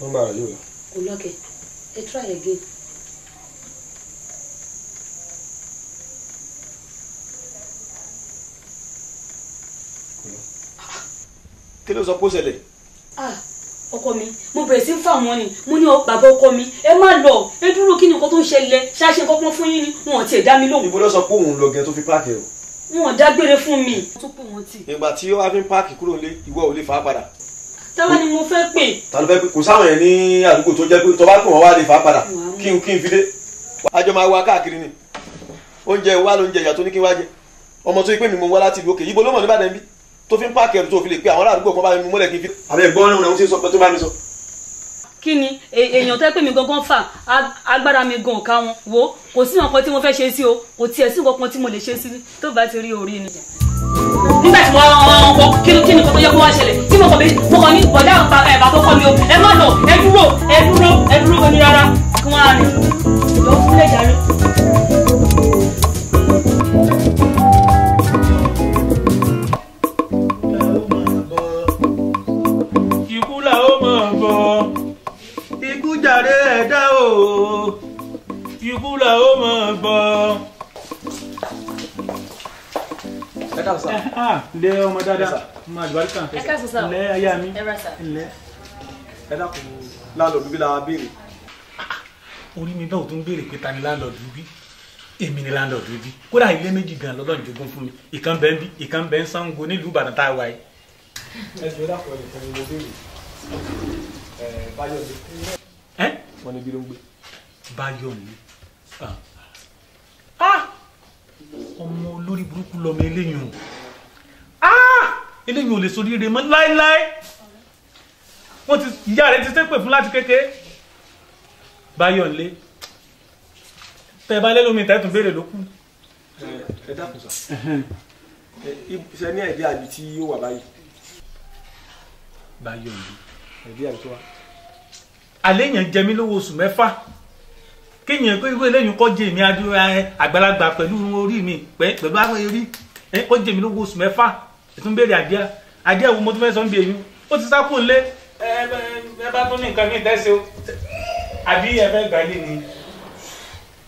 nọ́mbà rẹ̀ yóò lọ. kò lọ́kẹ̀ try again. kí ló sọ pé ó ṣẹlẹ̀. Ah, ọkọ mi mo bẹ̀rẹ̀ sí fà wọ́n ni mo ní bàbá ọkọ mi ẹ má lọ ẹ dúró kí ni nǹkan tó ń ṣẹlẹ̀ ṣáṣe kọ́kọ́ fún yín ni wọn ò tiẹ̀ dá mi lóhùn. ibo ló sọ pé òun lọ gẹ tó fi páàkì o. wọn ò dágbére fún mi. nígbà tí ó wá fi ń páàkì kúrò lé ìwọ ò lè fà á padà táwa ni mo fẹ́ pè. ta ló fẹ́ pè kò sáwọn yẹn ní àdúgbò tó jẹ́ pé tó bá pè wọ́n wá lè fà á padà kí n kí n fi dé. àjọ máa wá káàkiri ni oúnjẹ wa ló ń jẹ ìyà tó ní kí n wá jẹ ọmọ tó yí pé mi mo wá láti ìlú òkè ibo ló mọ̀ níbàdàn bí tó fi ń pààkì ẹ̀rù tó fi lè pé àwọn aládùúgbò kan bá mi mọ́lẹ̀ kí n fi. àbẹ gbọ́n náà o ti sọ pé tó bá mi sọ. kí ni e, èèyàn tẹ́ pé mi gangan fà agbára mi gan ọ̀ka wọn wo kò sí nǹkan tí mo fẹ́ ṣe sí o kò tiẹ̀ sí nǹkan tí mo lè ṣe sí tó bá ti rí orí ni nígbà tí wọ́n kọ kíni kíni kan tó yẹ kó wá ṣẹlẹ̀ tí mo kọ bí mo kọ ní bọ̀dá ẹ̀bà tó kọ mi o ẹ má lọ ẹ dúró ẹ dúró ẹ dúró gan rárá kí wọ́n á rìn ìjọ fúnlẹ̀ jàre. Eh, ah, lé ọmọ dáadáa ọmọ àlùbáríkà lé aya mi lé. ẹ dákun láńlọ́ọ̀dù bí la béèrè. orí mi náà tún béèrè pé ta ni láńlọ́ọ̀dù bí èmi ni láńlọ́ọ̀dù bí kódà ilé méjì gan lọ́dọ̀ jogún fún mi ìkan bẹ́ẹ̀ bí ìkan bẹ́ẹ̀ Ṣàngó nílùú Ìbàdàn tá a wáyé. ẹ jọ dákun ẹ̀ tẹ̀lé mo béèrè ẹ báyọ̀ ni. ẹ wọn ni bí ló ń gbé. báyọ̀ ni. ah. ah! ọmọ olórí burúkú lọmọ eléyìí o ah! eléyìí ò lè sọ rírẹ mọ́ láéláé wọ́n ti ìyá rẹ̀ ti ṣépè fún láti kékeré báyọ̀ ńlé tẹ bá lẹ́nu mi tẹ́tùn béèrè ló kù. ẹ dákun sá ṣe ní ẹ̀dí àbí tí yóò wà báyìí. báyọ̀ ńlé ẹ̀dí àbí tó wà. àléèyàn jẹ mí lówó oṣù mẹ́fà kéèyàn pé irú eléyìí kọ́ jẹ èmi àgbàlagbà pẹ̀lú orí mi pẹ̀lú àwọn eré ó jẹ èmi lówó oṣù mẹ́fà ètò ń béèrè àdíà àdíà wo mo tún fẹ́ sọ ń bí èyí ó ti sá kó lé ẹ bá tún ní nǹkan mi tẹ́sí o àbí ẹ fẹ́ gbalé ni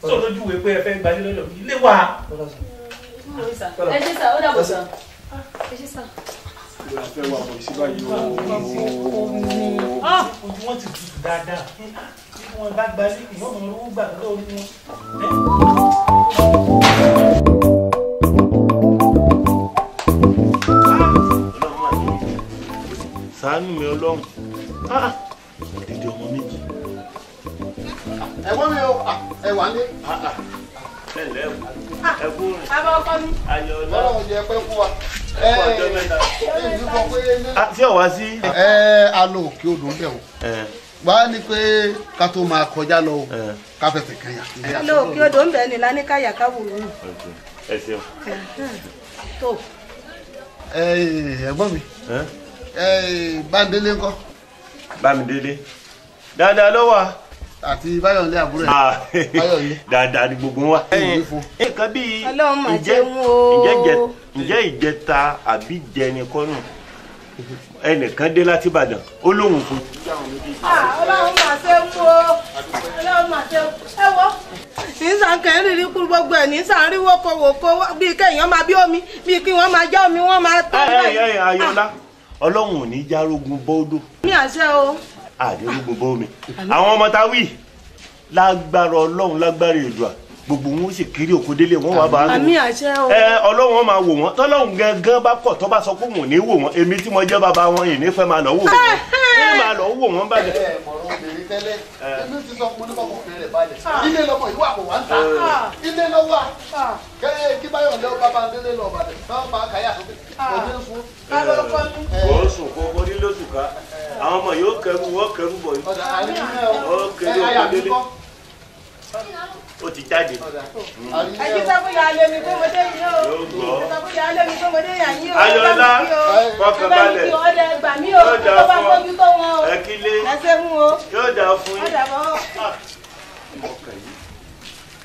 sọ lójú wèé pé ẹ fẹ́ gbalé lọ́dọ̀ mi ilé wà. ẹ ṣe sá ó dàbọ̀ sá ẹ ṣe sá ló fẹ́ wà wọ̀ sí báyìí o. ojú wọn ti tutù dáadáa bí wọn bá gba lílì yóò mọ owó gbà mi ọlọ́run ah, dídí ọmọ méjì. ẹ̀gbọ́n mi ò ah, ẹ ní. Ah, ẹ lẹ́wọ̀n ẹ kú rìn ayọ̀ ọlọ́run jẹ́ pẹ́ fún wa tí ọ̀wá sí. ẹ alo òkè odò ń bẹ̀ o wà á ní pé ká tó máa kọjá lọ o ká fẹsẹ̀ kẹyà. alo òkè odò ń bẹ̀ ni lánìkàyà ká wò ó. ẹ ṣeun. tó. ẹ ẹ̀gbọ́n mi báńdélé ńkọ́. bámidélé dáadáa ló wà àti báyọ̀lé àbúrò ẹ̀ ah, báyọ̀lé. dáadáa ni gbogbo wa. nǹkan bíi ǹjẹ́ ǹjẹ́ ìjẹta àbí jẹni kọ́nù ẹnìkan dé láti Ìbàdàn ó lóun fún. Ah, ọlọ́run mà ṣe ń wo ọlọ́run mà ṣe ń wo. nísà kẹrin rí kúrú gbogbo ẹ̀ nísà rí wọ́kọ̀wọ́kọ̀ bíi kéèyàn máa bí omi bíi kí wọ́n máa já omi wọ́n máa tọ́. ayọ̀lá ọlọ́run ò ní járógun bọ́ọ̀dọ̀. ní àṣẹ o àdéhùn gbogbo omi àwọn ọmọ tá a wí lágbára ọlọ́run lágbára èdùà gbogbo wọn ó sì kiri òkú délé wọn wà bá a lò ẹ ọlọ́wọ́n máa wò wọ́n tọ́lọ́hún gangan bá kọ̀ tọ́ bá sọ pé wọn ò ní wò wọ́n èmi tí mo jẹ́ bàbá wọn yìí nífẹ̀ẹ́ máa lọ wò wọ́n ẹ máa lọ wò wọ́n bàjẹ́. ẹ mọ̀rọ̀ obìnrin tẹ́lẹ̀ èmi ti sọ fún oníkọ̀kọ̀ fún rẹ̀ balẹ̀ ilé lọ́mọ ìwà kò wá ń ta ilé ló wà kẹ́ẹ́ kí báyọ̀ lọ bàbá délé lọ bàdẹ̀ báwọn máa kàyà sókè ọdún fún. wọ́n sùn kó bọ́dí lóṣù ká àwọn ọmọ yóò kẹrù wọ́n kẹrù bọ̀ yìí. ọ̀dà àríwá náà délé ó ti jáde. ẹjí tọ́kùyà alẹ́ mi pé mo dé yìí o ẹjí tọ́kùyà alẹ́ mi pé mo dé yàn yín o ayọ̀lá fọkànbalẹ̀ yóò dà fún ọ yóò dà fún ọ ẹkílé yóò dà fún yín. Ah. ọkàn yìí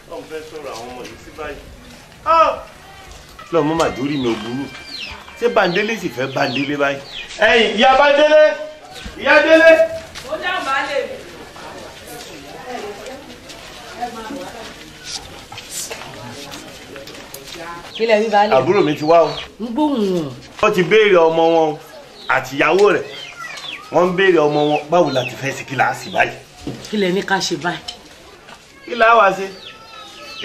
wọn fẹ́ sọ̀rọ̀ àwọn ọmọ yìí sí báyìí. Ah. lọ́mọ màdúrí mi ò burú ṣé bandele sì fẹ́ bandele báyìí. ẹ̀yin ìyá bandele ìyá délé. ó dáhùn bá lè rí. kílẹ̀ wí balẹ̀. àbúrò mi ti wá o. ń gbóhùn wọn. wọ́n ti béèrè ọmọ wọn àtìyàwó rẹ̀ wọ́n ń béèrè ọmọ wọn báwo la ti fẹ́ sí kí la sì báyìí. kílẹ̀ ní ká ṣe báyìí. kí la wá sí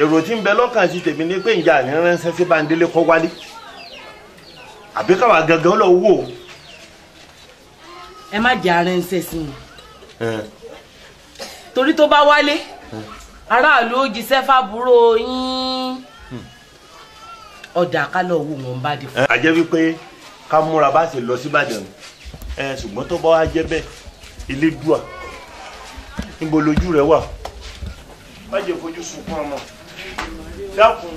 èrò tí ń bẹ lọ́kàn sí tèmi ni pé ìjà ní ránṣẹ́ sí Bándélé kọ́ wálé àbí káwa gangan lọ wò ó. ẹ má jẹ́ aránṣẹ́ sí mi torí tó bá wálé aráàlú ó jíṣẹ́ fábúrò yín ọjà kálọ̀ owó wọn bá dé fún. àjẹ́ wípé ká múra bá ṣe lọ síbàdàn ẹ ṣùgbọ́n tó bá wá jẹ́ bẹ́ẹ̀ ilé dùà níbo lójú rẹ wà. má jẹ́ fojú sunkún ọmọ dákun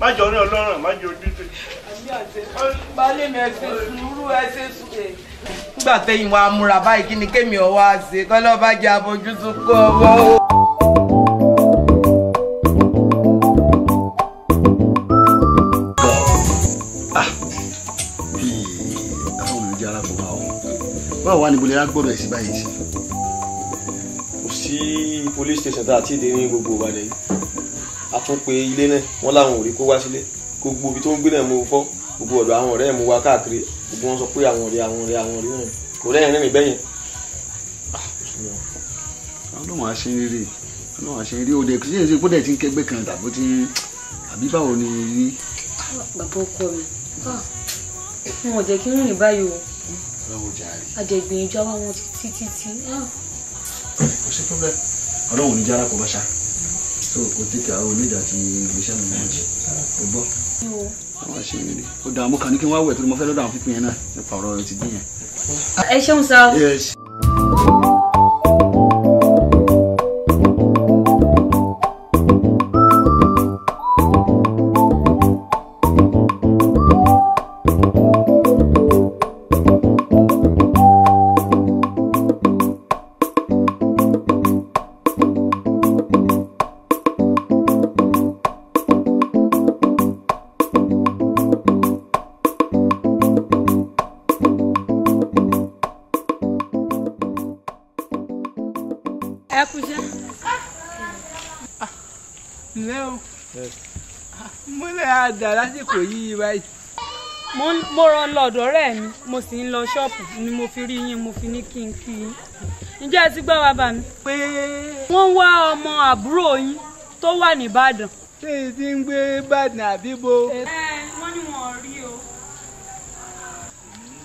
má jẹ́ orí ọlọ́run má jẹ́ ojú tó. baálé mi ẹ ṣe sùúrù ẹ ṣe sùúrù. nígbà tẹ́yìn wa múra báyìí kí ni kémi ọ̀ wá ṣe kọ́lọ́ bá jẹ́ àfojúsùn kọ́ ọ. báwo wá ní bolera gbọ́dọ̀ ẹ̀sìn báyìí sí. kò sí police station tá a ti dé ní gbogbo ìbàdàn yìí a tún pe ilé náà wọ́n láwọn ò rí kó wá sílé gbogbo ibi tó ń gbé náà mo fọ́ gbogbo ọ̀dọ̀ àwọn ọ̀rẹ́ mi wá káàkiri gbogbo wọn sọ pé àwọn ọ̀rẹ́ àwọn ọ̀rẹ́ àwọn ọ̀rẹ́ náà kò rẹ́yìn rẹ́rìn bẹ́yìn. ọlọ́run ah, àṣírí ọlọ́run àṣírí òde kò sí èsì kó dẹ̀ ti ń kẹgbẹ́ kan tàbí ti ń àbí báwo ni rí. Ah, bàbá ọkọ mi wọn ah, ò jẹ́ kí n rìn báyìí o lọ́wọ́ jàre. àjẹgbìyànjú àwọn àwọn títí títí. Ah. kò sí problem ọlọ́run ò ní jára kó bá ṣá so o tètè àwọn onídàá ti gbèsè àwọn ọmọ jẹ o gbọ́. àwọn ṣe rere ó dààmú kan ní kí n wá wẹ̀ tó ni mo fẹ́ lọ́dọ̀ àwọn pínpín yẹn náà nípa ọ̀rọ̀ ẹ ti dín yẹn. ẹ ṣeun sá ọ̀dọ̀ ọ̀rẹ́ mi mo sì ń lọ ṣọ́ọ̀pù ni mo fi rí yín mo fi ní kí n kí yín ǹjẹ́ ẹ ti gbọ́ wa bà mí. pé wọ́n ń wá ọmọ àbúrò yín tó wà nìbàdàn. ṣé èyí ti ń gbé Ìbàdàn àbí ẹ wọ́n ní wọn rí o.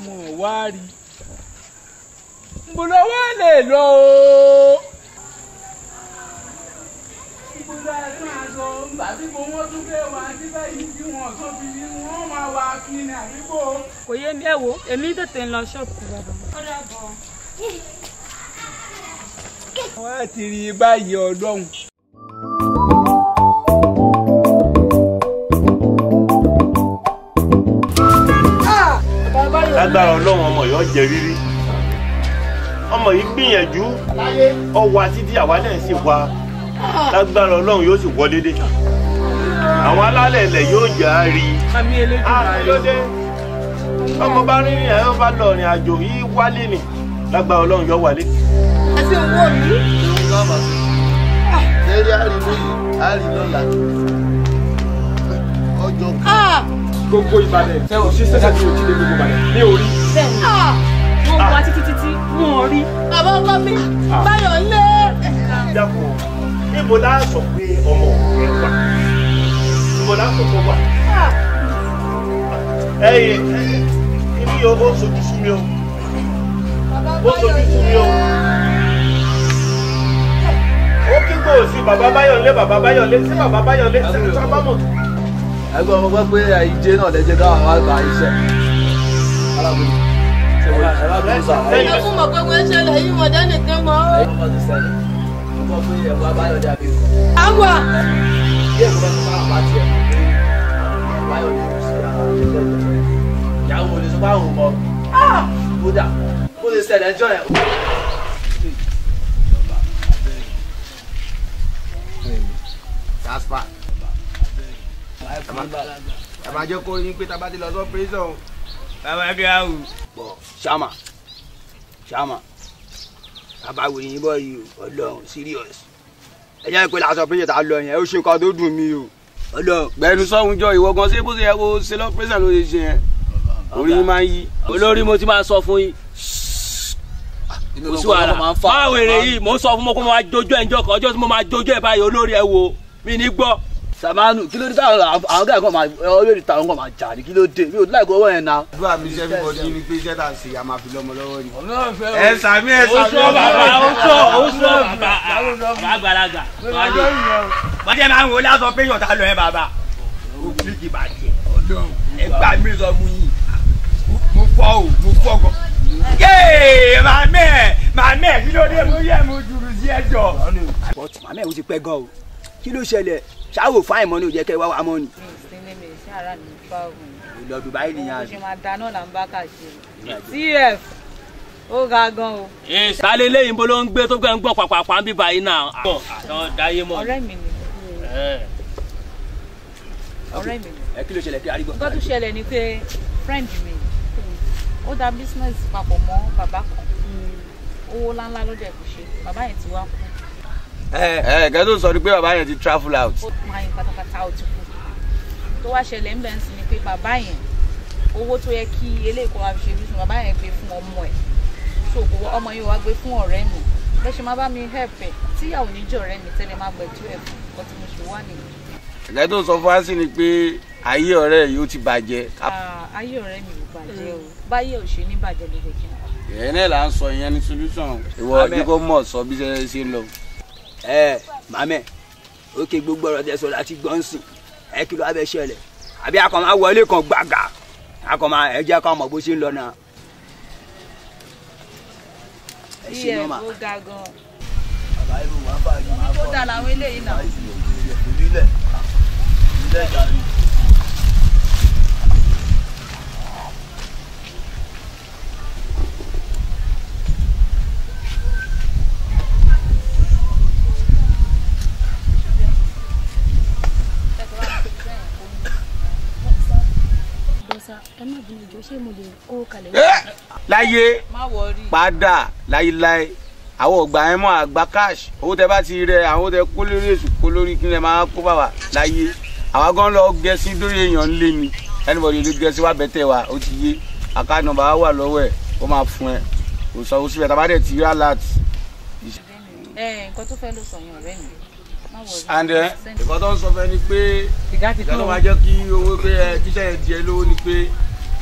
wọn wá rí i. mo lọ lè lọ o. ìbúdá ẹ̀sùn àṣọ tún fẹ́ wá síbẹ̀ yìí kí wọn sọ fi wọn máa wá kí ni àbí kò yé mi ẹ wo èmi tètè ń lọ ṣọ́ọ̀bù bàbá. wọ́n á ti rí i báyìí ọlọ́run. lágbára ọlọ́run ọmọ yóò jẹ rírí ọmọ yìí gbìyànjú ọwọ́ àti tí àwa náà sì wá lágbára ọlọ́run yóò sì wọ déédéé àwọn alálẹ̀ ilẹ̀ yóò jà á rí i. àmì elédùn ààrẹ ọmọ bá rìnrìn àyọ̀ bá lọ rìn àjò yìí wálé ni lágbà ọlọ́run yọ wálé. ẹbí owó mi. lérí àrìlóyè àrìlọ́là ọjọ́ kan. Ah! gbogbo ìbàdàn ṣe ò sí sẹ́sẹ̀ tí o ti lé gbogbo ìbàdàn ní orí. bẹ́ẹ̀ni ah! Ah! mo wá títí títí mo ò rí. bàbá ọkọ mi báyọ̀ lé. dàpọ̀ níbo la sọ pé ọmọ rẹ wà níbo la sọ pé wà. ẹyìn yìí ó sojú sú mi o ó sojú sú mi o ó kíkó sí bàbá báyọ̀lé bàbá báyọ̀lé sí bàbá báyọ̀lé sí bàbá mọ̀. ẹgbẹ́ ọmọ gbọ́ pé àyíjẹ náà lẹ́jẹ̀ káwọn wá gba iṣẹ́ alábòjì ṣe wọ́n ṣe alábòjì sà. ẹ kún mọ̀ pé wọ́n ṣẹlẹ̀ yìí mọ̀ dání kan mọ́. àwa. Thank you ìjà wo ni sọ́kọ́ àwọn ọmọ kódà ah! bó ṣe ṣẹlẹ̀ ẹjọ́ yẹn. Jasper ẹ máa jẹ́ kó yín pé tá a bá ti lọ sọ prison. bàbá kí á wù. bọ̀ ṣáma ṣáma bàbá wò yín bọ́ yìí o ọlọ́run serious ẹ jẹ́ pé lásán prison tá a lọ yẹn ó ṣe nǹkan tó dùn mí o ọlọ́run gbẹ̀nu sọ́hun jọ ìwọ gan ṣé bó ṣe yẹ kó ṣe lọ prison ló ṣe yẹn orí yín máa ń yí olórí mo ti máa sọ fún yín kò sí wàhálà máa wèrè yìí mò ń sọ fún mo kó mo máa jójó ẹjọ́ kan ọjọ́ tí mo máa jójó ẹ báyìí olórí ẹ wo mi ní gbọ́. Samanu kí ló dé táwọn àwọn gàgán máa olórí táwọn kan máa jà ní kí ló dé mi ò láì kó owó yẹn na. àdúrà mi iṣẹ́ fífọ́ ní ní pé iṣẹ́ tà ń ṣe àmà fi lọ́mọ lọ́wọ́ ni. ẹ sàmí ẹ sàmí. oṣù bàbá oṣù oṣù bàbá àgbàlagbà. bàjẹ́ máa ń wọlé aṣọ pé yọ̀tá lọ ẹ bàbá. òkú kì bàjẹ́ ẹgbàá mi sọ fún yín fọ́ o mo fọ́ gan. yéè màmí ẹ màmí ẹ kí ló dé mo yẹ mo jùlù sí ẹjọ́. bọ́tù màmí ẹ o ti pẹ́ gan o kí ló ṣẹlẹ̀ ṣáwò fáìn mọ́ ni ò jẹ́ kẹ́ wá wá mọ́ ni. ìlọ Dubai nìyẹn àná. mo ṣe máa dáná là ń bá kà ṣe tf ó ga gan o. sálẹ̀ lẹ́yìn bó ló ń gbé tó gbẹ́ ń gbọ́ pàpàpà ń bí báyìí náà. àwọn dáyé mọ́. ọ̀rẹ́ mi ni. Eh. ọ̀rẹ́ mi ni. ẹ kí ló ṣẹlẹ̀ kí arígbọ́n. nǹkan tó ṣẹlẹ̀ ni pé friend mi ó dá business papọ̀ mọ́ bàbá kan owó ńláńlá ló dẹ̀ kò ṣe bàbá yẹn ti wá kú. ẹ ẹ gẹ́gẹ́ sọ pé bàbá yẹn ti travel out. ó máa yin pátápátá ó ti kú tó wá ṣẹlẹ̀ ń bẹ̀ ń sin ni pé bàbá yẹn owó tó yẹ kí eléyìí kó wá fi ṣe business bàbá yẹn gbé fún ọmọ ẹ̀ so kò wọ ọmọ yìí wá gbé fún ọ̀rẹ́ mi bẹ́ẹ̀ ṣe máa bá mi help ẹ̀ tíyàwó níjọ́ ọ̀rẹ́ mi tẹ́lẹ̀ máa gbẹ̀jú ẹ̀ fún ọkọ tí mo ṣe wá nìyẹn ẹ̀gá tó sọ fún wa sí ni pé ayé ọ̀rẹ́ yìí ó ti bàjẹ́. Ah, ayé ọ̀rẹ́ mi ò bàjẹ́ o báyé ò ṣe ní bàjẹ́ ló jẹ́ kí n wá. ìyẹn náà là ń sọ ìyẹn ní solution. ìwọ jíkó mọ̀ sọ bí ṣe ṣe ń lọ. ẹ màmẹ òkè gbogbo ọ̀rọ̀ tẹ sọ láti gbọ́n sìn ẹ kí ló abẹ́ ṣẹlẹ̀ àbí akọ wọlé kan gbàgà akọ máa ẹ jẹ́ bó ṣe ń lọ náà. ẹ ṣe ga gan. bàbá ìlú wa bá a yọ máa bọ̀ ọ́ ní kó eléyìí náà. ṣé mo lè kó kalẹ̀. Eh! láyé padà láyéláyé àwọn ọgbà ẹ mọ àgbà cash owó tẹ bá ti rẹ àwọn tẹ kó lórí èsù kó lórí kí lẹ máa kó bàbà láyé àwa gan lọ gẹ̀ẹ́sì dórí èèyàn lé ni anybody ló gẹ̀ẹ́sì wà bẹ́tẹ̀ wa ó ti yé àkànnàbà wà lọ́wọ́ ẹ̀ ó máa fún ẹ kò sọ oṣù bẹ́ẹ̀ tábàdẹ̀ ti rí alert. ẹ nǹkan tó fẹ́ ló sọ yẹn ọ̀rẹ́ mi and eh, nǹkan tó ń sọ fẹ́ ni pé ìgbà tó máa jẹ́ kí owó pé kíṣẹ́ eh, yẹn di ẹ lówó ni pé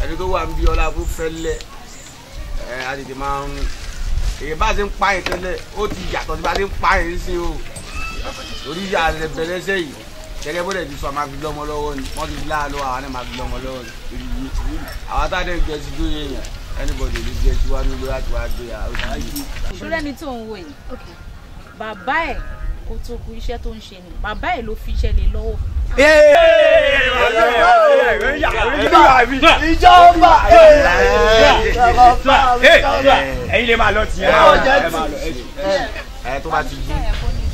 ẹni tó wà ń bí ọlá fún fẹ́lẹ́ ẹ àtètè máa ń èyí bá ti ń pa yìí tẹ́lẹ̀ ó ti yàtọ̀ tí bá ti ń pa yìí sí o torí ìyá rẹ̀ bẹ̀rẹ̀ bó dẹ̀ ti sọ àmà gbé lọ́mọ lọ́wọ́ ni wọ́n ti lá lọ́wọ́ àwọn àmà gbé lọ́mọ lọ́wọ́ ni àwọn táwọn ẹgbẹ́ ti dún yẹn yẹn anybody ló jẹ́ tiwa nílé láti wá gbé yà ó ìṣúrẹ́ni tó ń wò yìí bàbá ẹ̀ kó tó kú iṣẹ́ tó ń ṣe ni bàbá ẹ̀ ló fi iṣẹ́ lé lọ́wọ́. ìjọba ẹ̀yin lè máa lọ tiẹ̀ ẹ tó bá ti dún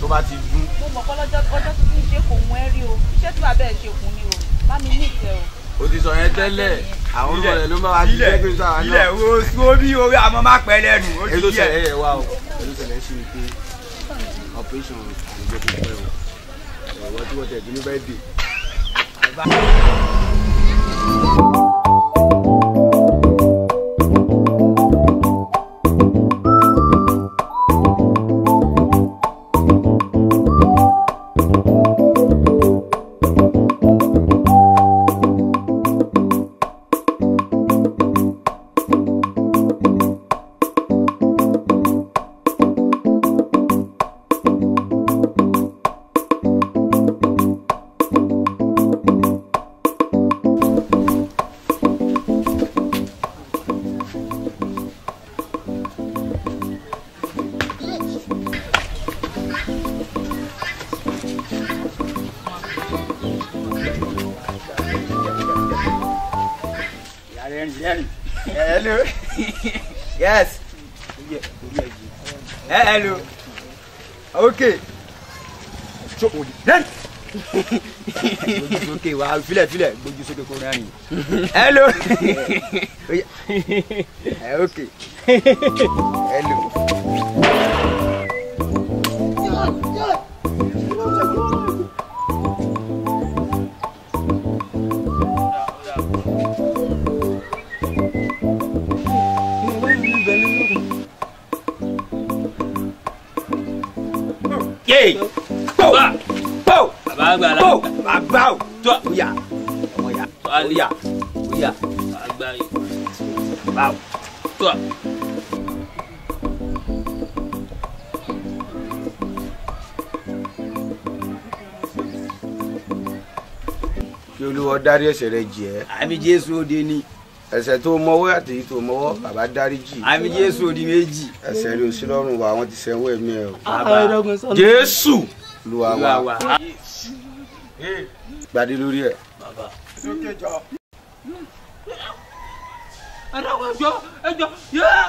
tó bá ti dún. mo mọ̀ pé ọjọ́ ọjọ́ tó ti ń ṣe kò mú ẹ rí o iṣẹ́ tí bàbá ẹ̀ ṣe kù ni o bá mi ní ìtẹ́ o o ti sọ yẹn tẹ́lẹ̀ àwọn ọ̀rẹ́ ló máa wá sí ẹgbẹ́ sọ àwọn náà. ilẹ̀ wo orí àmọ́ má pẹ́ lẹ́nu. èso ṣẹlẹ̀ yẹ wa o èso ṣẹlẹ̀ sí mi pé operation àgbẹ̀ tó pẹ́ o ẹ̀wọ́n tí wọ́n tẹ̀ dúró bẹ́ẹ̀ dè. ah file file gboju soke ko rani hello eh okay hello Yay! Hey. Oh. Ah. Oh. Bow! Bow! Bow! Bow! Bow! Bow! ọ̀yà ọ̀yà ọ̀yà ọ̀yà àgbáyé báwo tó. kí olúwa dárí ẹ̀ṣẹ̀ rẹ jì ẹ́. àmì jésù òde ni. ẹ̀ṣẹ̀ tó mọ́wọ́ àti èyí tó mọ́wọ́ bàbá dárí jì. àmì jésù òde méjì. ẹ̀ṣẹ̀ rí oṣù lọ́rùn wa wọ́n ti sanwó ẹ̀mí ẹ̀ o. jésù olúwa wa. Hey pàdé lórí ẹ̀. sókè jọ. adáwọ̀ ẹjọ́ ẹjọ́ ni. jẹ́yọ̀lá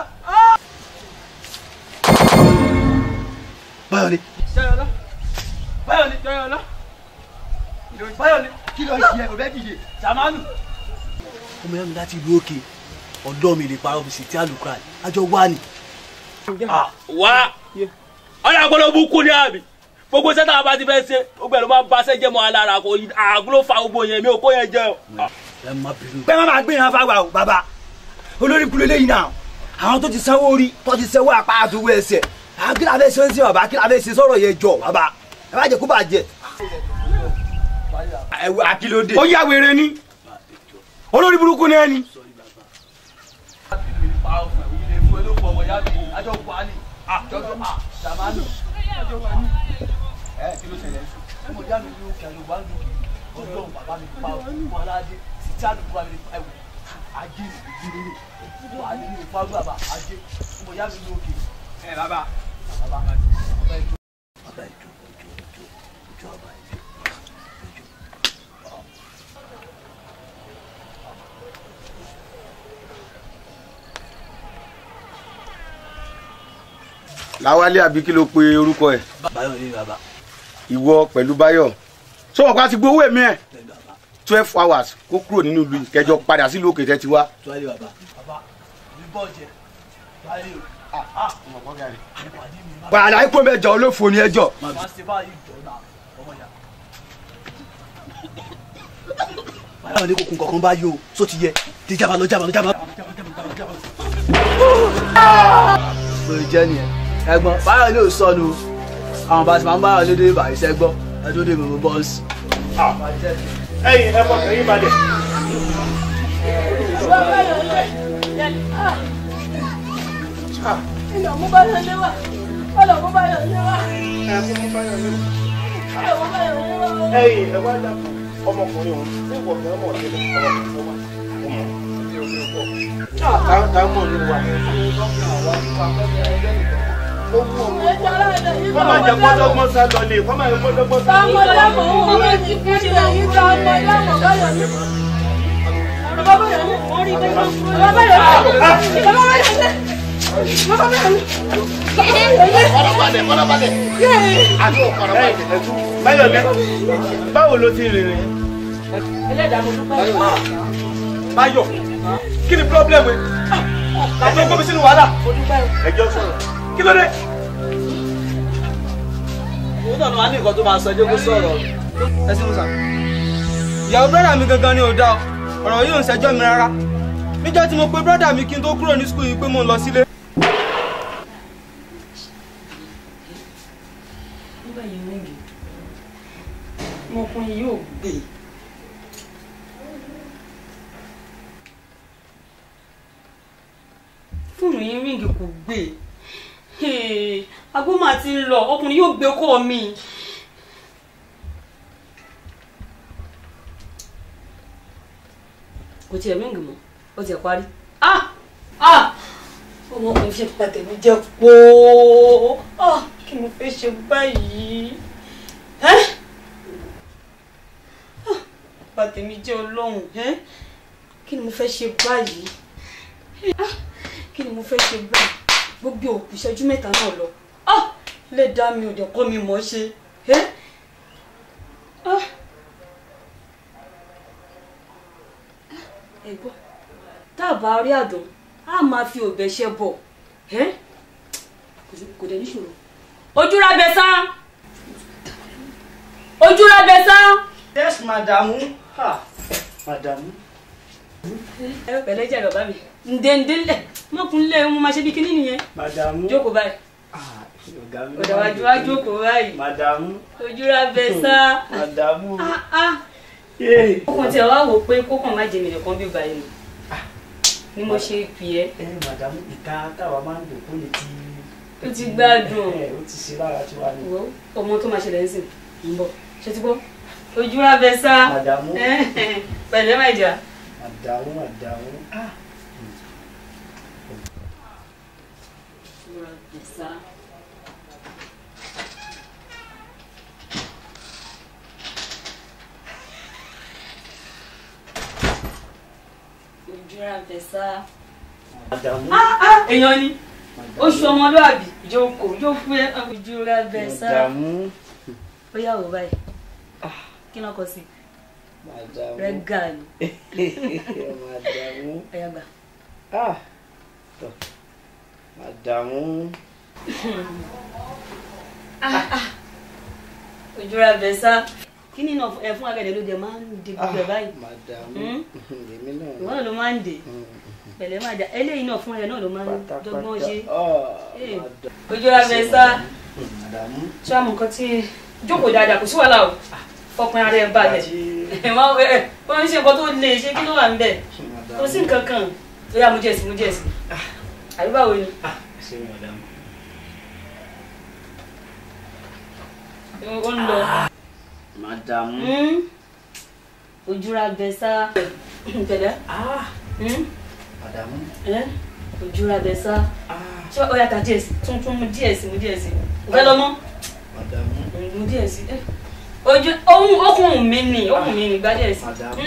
báyọ̀ ni jẹ́yọ̀lá báyọ̀ ni kí ló ṣe ẹ ọ̀rẹ́ dìde. sàmánù. ọmọ yẹn mi láti ìlú òkè ọ̀dọ́ mi lè parọ́ mi sì tí àlùkò àjọ wá ni. Ah, wá ọ̀rẹ́ àgbọ̀lọ́ bú kú ní àbí gbogbo sẹ́tà bá ti fẹ́ ṣe gbogbo ẹ̀ ló máa ń bá sẹ́jẹ́ mọ́ alára kò àgùn ló fa gbogbo yẹn mi ò kó yẹn jẹ o. pé má máa gbé yẹn fagbà o bàbá olórí kulé lẹ́yìn náà àwọn tó ti sanwó orí tó ti sanwó apá àtúwò ẹsẹ̀ àkìlà fẹ́ ṣe ń ṣe bàbá àkìlà fẹ́ ṣe sọ̀rọ̀ yẹn jọ bàbá ẹ bá jẹ kó bàjẹ́. àkìlódé. ó yà wèrè ni olórí burúkú náà ni. àjọ kò á ẹ eh, kí ló ṣẹlẹ̀ ẹ mọ̀ jáde ní òkè àjọgbá ń dùn tó dọ̀hùn bàbá mi pa òkun aládé títí àdúgbò mi pa ẹ̀wọ̀ ajé ìdílé rẹ̀ ajé mi pa òkun bàbá ajé ẹ mọ̀ jáde ní òkè. ẹ eh, bàbá bàbá bàbá ìjọ bàbá ìjọ ìjọ ìjọ ìjọ bàbá ìjọ. láwálé àbí kí ló pe orúkọ ẹ. báyọ̀ ni bàbá ìwọ pẹ̀lú báyọ̀ so wọn kó ti gbowó èmi ẹ̀ twelve hours kó kúrò nínú ìlú kẹjọ padà sílùú òkè tẹ́ ti wá. pààlà ikú mẹjọ olófo ni ẹjọ. báyọ̀ ní kòkun kankan bá yóò só ti yẹ ti jábà lọ jábà lọ jábà. bẹ́ẹ̀ jẹ́ nìyẹn ẹ̀gbọ́n báyọ̀ ní ò sọnù àwọn bá ti máa ń bá ọlọ́dẹ ìbà iṣẹ́ gbọ́ ẹdún dè mímú bọ́ọ̀sì. ẹ̀yin ẹ fọkàn yín balẹ̀. ìlọ mú bá yọ léwà ọlọ mú bá yọ léwà. ẹ̀yin ẹ wá dàpọ̀ ọmọkùnrin òun ní ìwọ̀fẹ́ ọmọ ọ̀tẹ̀lẹ̀ ọmọkùnrin wa ọmọ. táwọn táwọn mọ̀ ní wa owó owó kọ́ máa jẹ́ kọ́dọ́gbọ́n sá lọ lè kọ́ máa jẹ́ kọ́dọ́gbọ́n sá lọ lè. ọmọ ọmọ ọmọ ọmọ ti kú sílẹ̀ yìí ká ọmọ ilé ọmọ báyọ̀ ní. bàbá báyọ̀ ní wọ́n rí bẹ́ẹ̀ bàbá báyọ̀ ní bàbá báyọ̀ ní bàbá báyọ̀ ní. kọ́dọ̀bàdẹ̀ kọ́dọ̀bàdẹ̀ àti òkọ̀dọ̀bàdẹ̀. báyọ̀ ní báwo ló ti rìnrìn. ẹlẹ́dàá mo dúpẹ́. báyọ̀ kí ni pírọ́blẹ̀mù ẹ̀ àti ọgbọ́n mi sínú wàhálà. ẹjọ́ sọ̀rọ̀ kí ló dé. òun náà ló wá ní nǹkan tó máa sọ ẹjọ́ kó sọ̀rọ̀. ẹ sí musa ìyàwó bírọ̀dà mi gangan ni ò dá ọ̀rọ̀ yìí ò ń ṣẹjọ́ mi rárá níjọ́ tí mo pe bírọ̀dà mi kí n tó kúrò ní sukùl yìí pé mo ń lọ sílé agbó máa ti ń lọ ọkùnrin yóò gbé ọkọ mi. kò tiẹ̀ ríǹgì mọ́ ó tiẹ̀ parí. Ah! Ah! ọmọ kò ṣe pàtẹ mi jẹ pòó kí mo fẹ́ ṣe báyìí. pàtẹ mi jẹ ọlọ́run kí ni mo fẹ́ ṣe báyìí ah! kí ni mo fẹ́ ṣe báyìí gbogbo òkú ìṣẹ́jú mẹ́ta náà lọ ah lè dá mi ò dẹ̀ kọ́ mi mọ̀ ṣe ẹ́ ah ẹ gbọ́ tá a bá rí àdán a máa fi òbẹ ṣe bọ̀ ẹ́ kò dẹ̀ níṣòro ojúra bẹ sá ojúra bẹ sá. yes madamu ha ah, madamu. ẹ pẹ̀lẹ́ jẹ bàbá mi ǹdẹ̀ǹdẹ̀ lẹ mọkùnrin lẹ ń mọ ma ṣe bí kinní nìyẹn. madamu Joko báyìí ọ̀dà wájú wá jókòó báyìí màdàmú ojúra bẹ sá màdàmú ó kàn tí a wá wò pé kó kàn má jẹ mìíràn kan bí báyìí ah. ni mo ṣe pè é. ẹ màdàmú ìta táwa máa ń lò kó lè ti. ó ti gbádùn ó ti ṣe lára tí wàá ní. ọmọ tó máa ṣẹlẹ̀ ń sìn ń bọ̀ ṣe ti gbọ́ ojúra bẹ sá pẹ̀lẹ́ màjà. màdàmú màdàmú ah. ojúra bẹ sá. ìṣúra àbẹ̀sà. Ah, ah, èèyàn ni oṣù ọmọlúwàbí jòkó yóò fún ẹ ah, ìṣúra àbẹ̀sà. ó yà wò báyìí kí lọ́kọ̀ sí rẹ́gà ni. ayagba. màdàmú. ìṣúra àbẹ̀sà kí nínú ẹ̀fún agẹ̀dẹ̀ ló jẹ máa ń di gbogbo ẹ̀ ah, báyìí. Hmm? wọ́n ló máa ń dè hmm. pẹ̀lẹ́ máa dà eléyìí náà fún ẹ náà ló máa ń dọ́gbọ́n ṣe. Ah, eh. ojú ra bẹ sá ṣáàmù nǹkan tí jókòó dáadáa kò sí wàhálà o ah, fọkùnrin ara ẹ balẹ̀ wọ́n ń ṣe nǹkan tó le ṣé kí ló wà ń bẹ̀ kò sí nǹkan kan ó yà mú jẹ̀sí mú jẹ̀sí àbí báwo ni. ó ń lọ madamu. Hmm? ojúra bẹ́sà. tẹ̀lé. Ah. Hmm? madamu. Eh? ojúra bẹ́sà. Ah. ṣé ó yàtọ̀ díẹ̀ sí tún tún mu díẹ̀ sí mu díẹ̀ sí o fẹ́ lọ mọ́. madamu. Hmm, mu díẹ̀ sí eh. ojú ohun okùn mi ni okùn mi ni gbadé sí. madamu.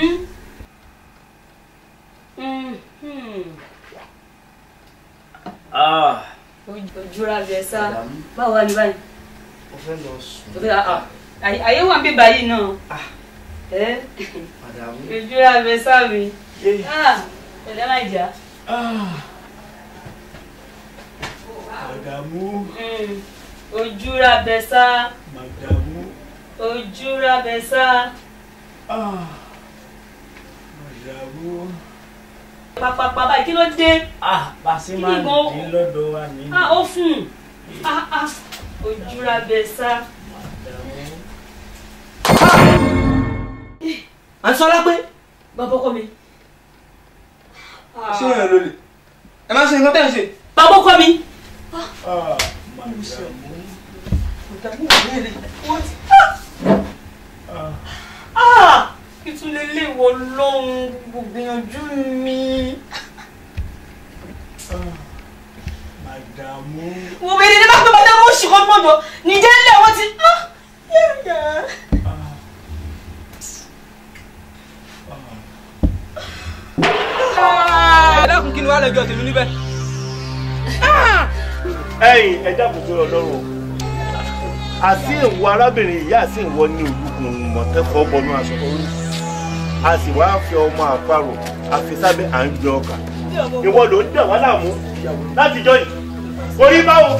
ojúra bẹ́sà báwo wà ní báyìí. o fẹ́ lọ sùn. o fẹ́ lọ ah, sùn àyè wà ń bí báyìí náà ah. ojú abẹ sáàmì ẹ̀dá máa jà. Ah. màdàmú. Hmm, ojú abẹ sá. màdàmú. ojú abẹ sá. Ah. màdàmú. pàpàpà báyìí kí ló dé. pàṣẹ máa ń dín lọ́dọ̀ wa ní. ó fún un ojú abẹ sá. à ń sọlá pé. bàbá ọkọ mi. ṣé ẹ lólè ẹ má ṣe nǹkan tẹ́ ẹ ṣe. bàbá ọkọ mi. Ah, ìtúlélẹ̀ wo lóhun gbìyànjú mi. màdàmú. wo bèrè ní bá pẹ́ màdàmú òṣìkọ́ pọ̀ jọ nìjẹ́ ńlẹ̀ wọ́n ti. Ah, Ah, ẹ dákun kí ni wàá lẹ́jọ́ tèmi níbẹ̀. Ah! ẹ̀yin ẹ dákun tó Ọlọ́run àti ìwọ arábìnrin yìí àti ìwọ ní olùkùn mọ̀tẹ́kọ̀ọ́ bọnú aṣọ orí a sì wá fi ọmọ àparò àfi sábẹ́ à ń jẹ ọkà ìwọ ló ń dẹ̀ wá láàmú láti jọ yìí orí báwo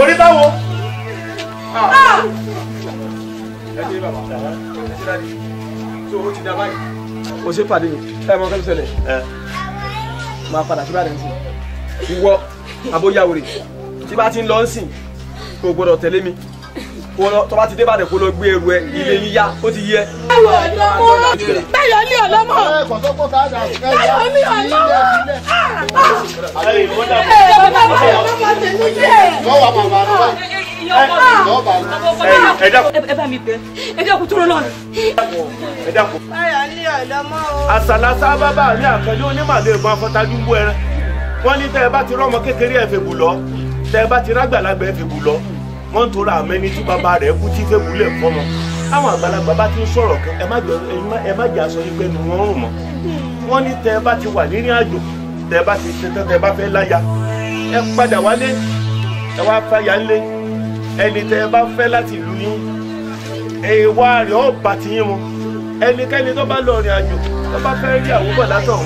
orí báwo. Ah! ẹ ṣe bàbá ṣe láti ṣe owó ti dá báyìí o ṣe pàdé ẹ mọ kẹ́mi ṣẹlẹ̀ máa padà sí bàdàn sí ìwọ abóyáwòrè tí bá ti ń lọ ń sìn kò gbọdọ̀ tẹ̀lé mi tó bá ti dé bàdàn kó lọ gbé ẹrù ẹ ilé yín yá ó ti yẹ. báwo ló mú ọ báyọ̀ ní ọlọ́mọ báyọ̀ ní ọlọ́mọ ẹ ọlọ́mọ tẹ̀lé jẹ́ ẹ bá mi bẹ ẹ jẹ́ kó tó lọ. ẹ dákun. báyọ̀ ní ọ̀dọ́mọ́ o. àṣàlásá bábà rí àkànlé onímàlẹ́ ìbọn afọ́tajú wú ẹran wọ́n ní tẹ́ ẹ bá ti rọ́mọ kékeré ẹ̀ fèbù lọ tẹ́ ẹ bá ti rágbàlagbà ẹ̀ fèbù lọ wọ́n ń tora àmẹ́ni tí bàbá rẹ̀ kú tí fèbù lẹ̀ fọ́mọ àwọn àgbàlagbà bá ti ń sọ̀rọ̀ kan ẹ má jà sọ wípé nu wọn rùn mọ́ wọ́n ní tẹ́ ẹ bá ti wà nírìn àjò tẹ́ ẹ bá ti ṣetán tẹ́ ẹ bá fẹ́ láya ẹ padà wálé ẹ wá fẹ́ yá ńlé ẹni tẹ́ ẹ bá fẹ́ láti ìlú yín èèwà rẹ̀ ọ̀ bá ti yín mu ẹnikẹ́ni tó bá lọ rìn àjò tó bá fẹ́ rí àwòbọ̀ látọ̀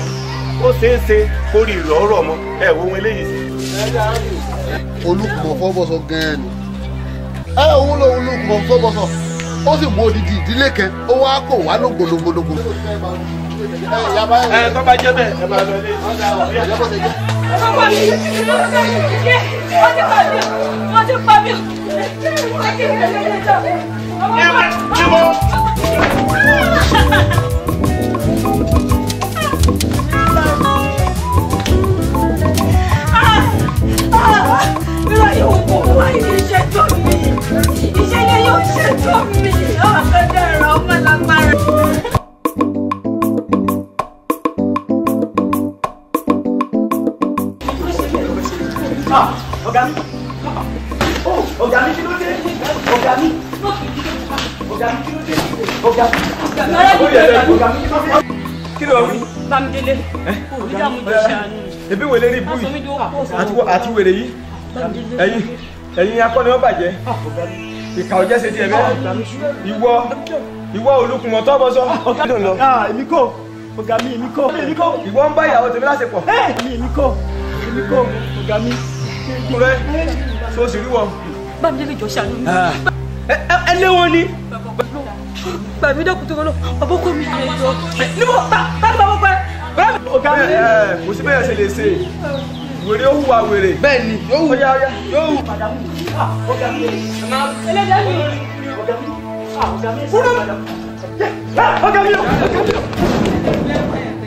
ó ṣeé ṣe kó rí ìrọ̀rọ̀ mọ́ wo ohun eléyìí sí. olùkùmọ̀ fọ́bọ̀sọ gan-an ni ẹ òun lòun lùkùmọ̀ fọ́bọ̀sọ ó sì mú odidi ìdílé kan ó wá kó wá lógbòlógbòlógbò. Eh, ẹ tọ́ba jẹ́ ọ̀gá mi oh, ọ̀gá mi kí ló dé ọ̀gá mi ọ̀gá mi kí ló dé ọ̀gá mi ọ̀gá mi kí ló dé kí ló wí. bámidélé orí dààmú jẹ ṣàánú. ebi wèlé rí ibú yìí àti wèrè yìí ẹ̀yin ẹ̀yin akọni wọn bàjẹ́ ìkà ọjẹ ṣe tiẹ̀ bẹ́ẹ̀ ìwọ ìwọ olùkùn wọn tọ́ bọ́ sọ. ọ̀gá mi lọ. èmi kò ọ̀gá mi èmi kò. ìwọ ń bá ìyàwó tèmi láṣepọ̀. èmi kò èmi kò ọ̀gá mi mo fẹ́ so sì rí wọn. bámidélé jọ ṣàánú mi. Ah. ẹ lé wọn ni. bàmí dẹ́kun tó kọ́ náà bàbá kọ́ mi yẹ jọ. níbo ta ta ni bàbá pẹ́. ọ̀gá mi. kò sí bẹ́ẹ̀ ṣe lè ṣe wèrè ó hùwà wèrè. bẹ́ẹ̀ ni yóò hù yóò hù. Ah, ọ̀gá mi ẹlẹ́dàá mi ah, ọ̀gá mi ọ̀gá mi ọ̀gá mi ọ̀gá mi.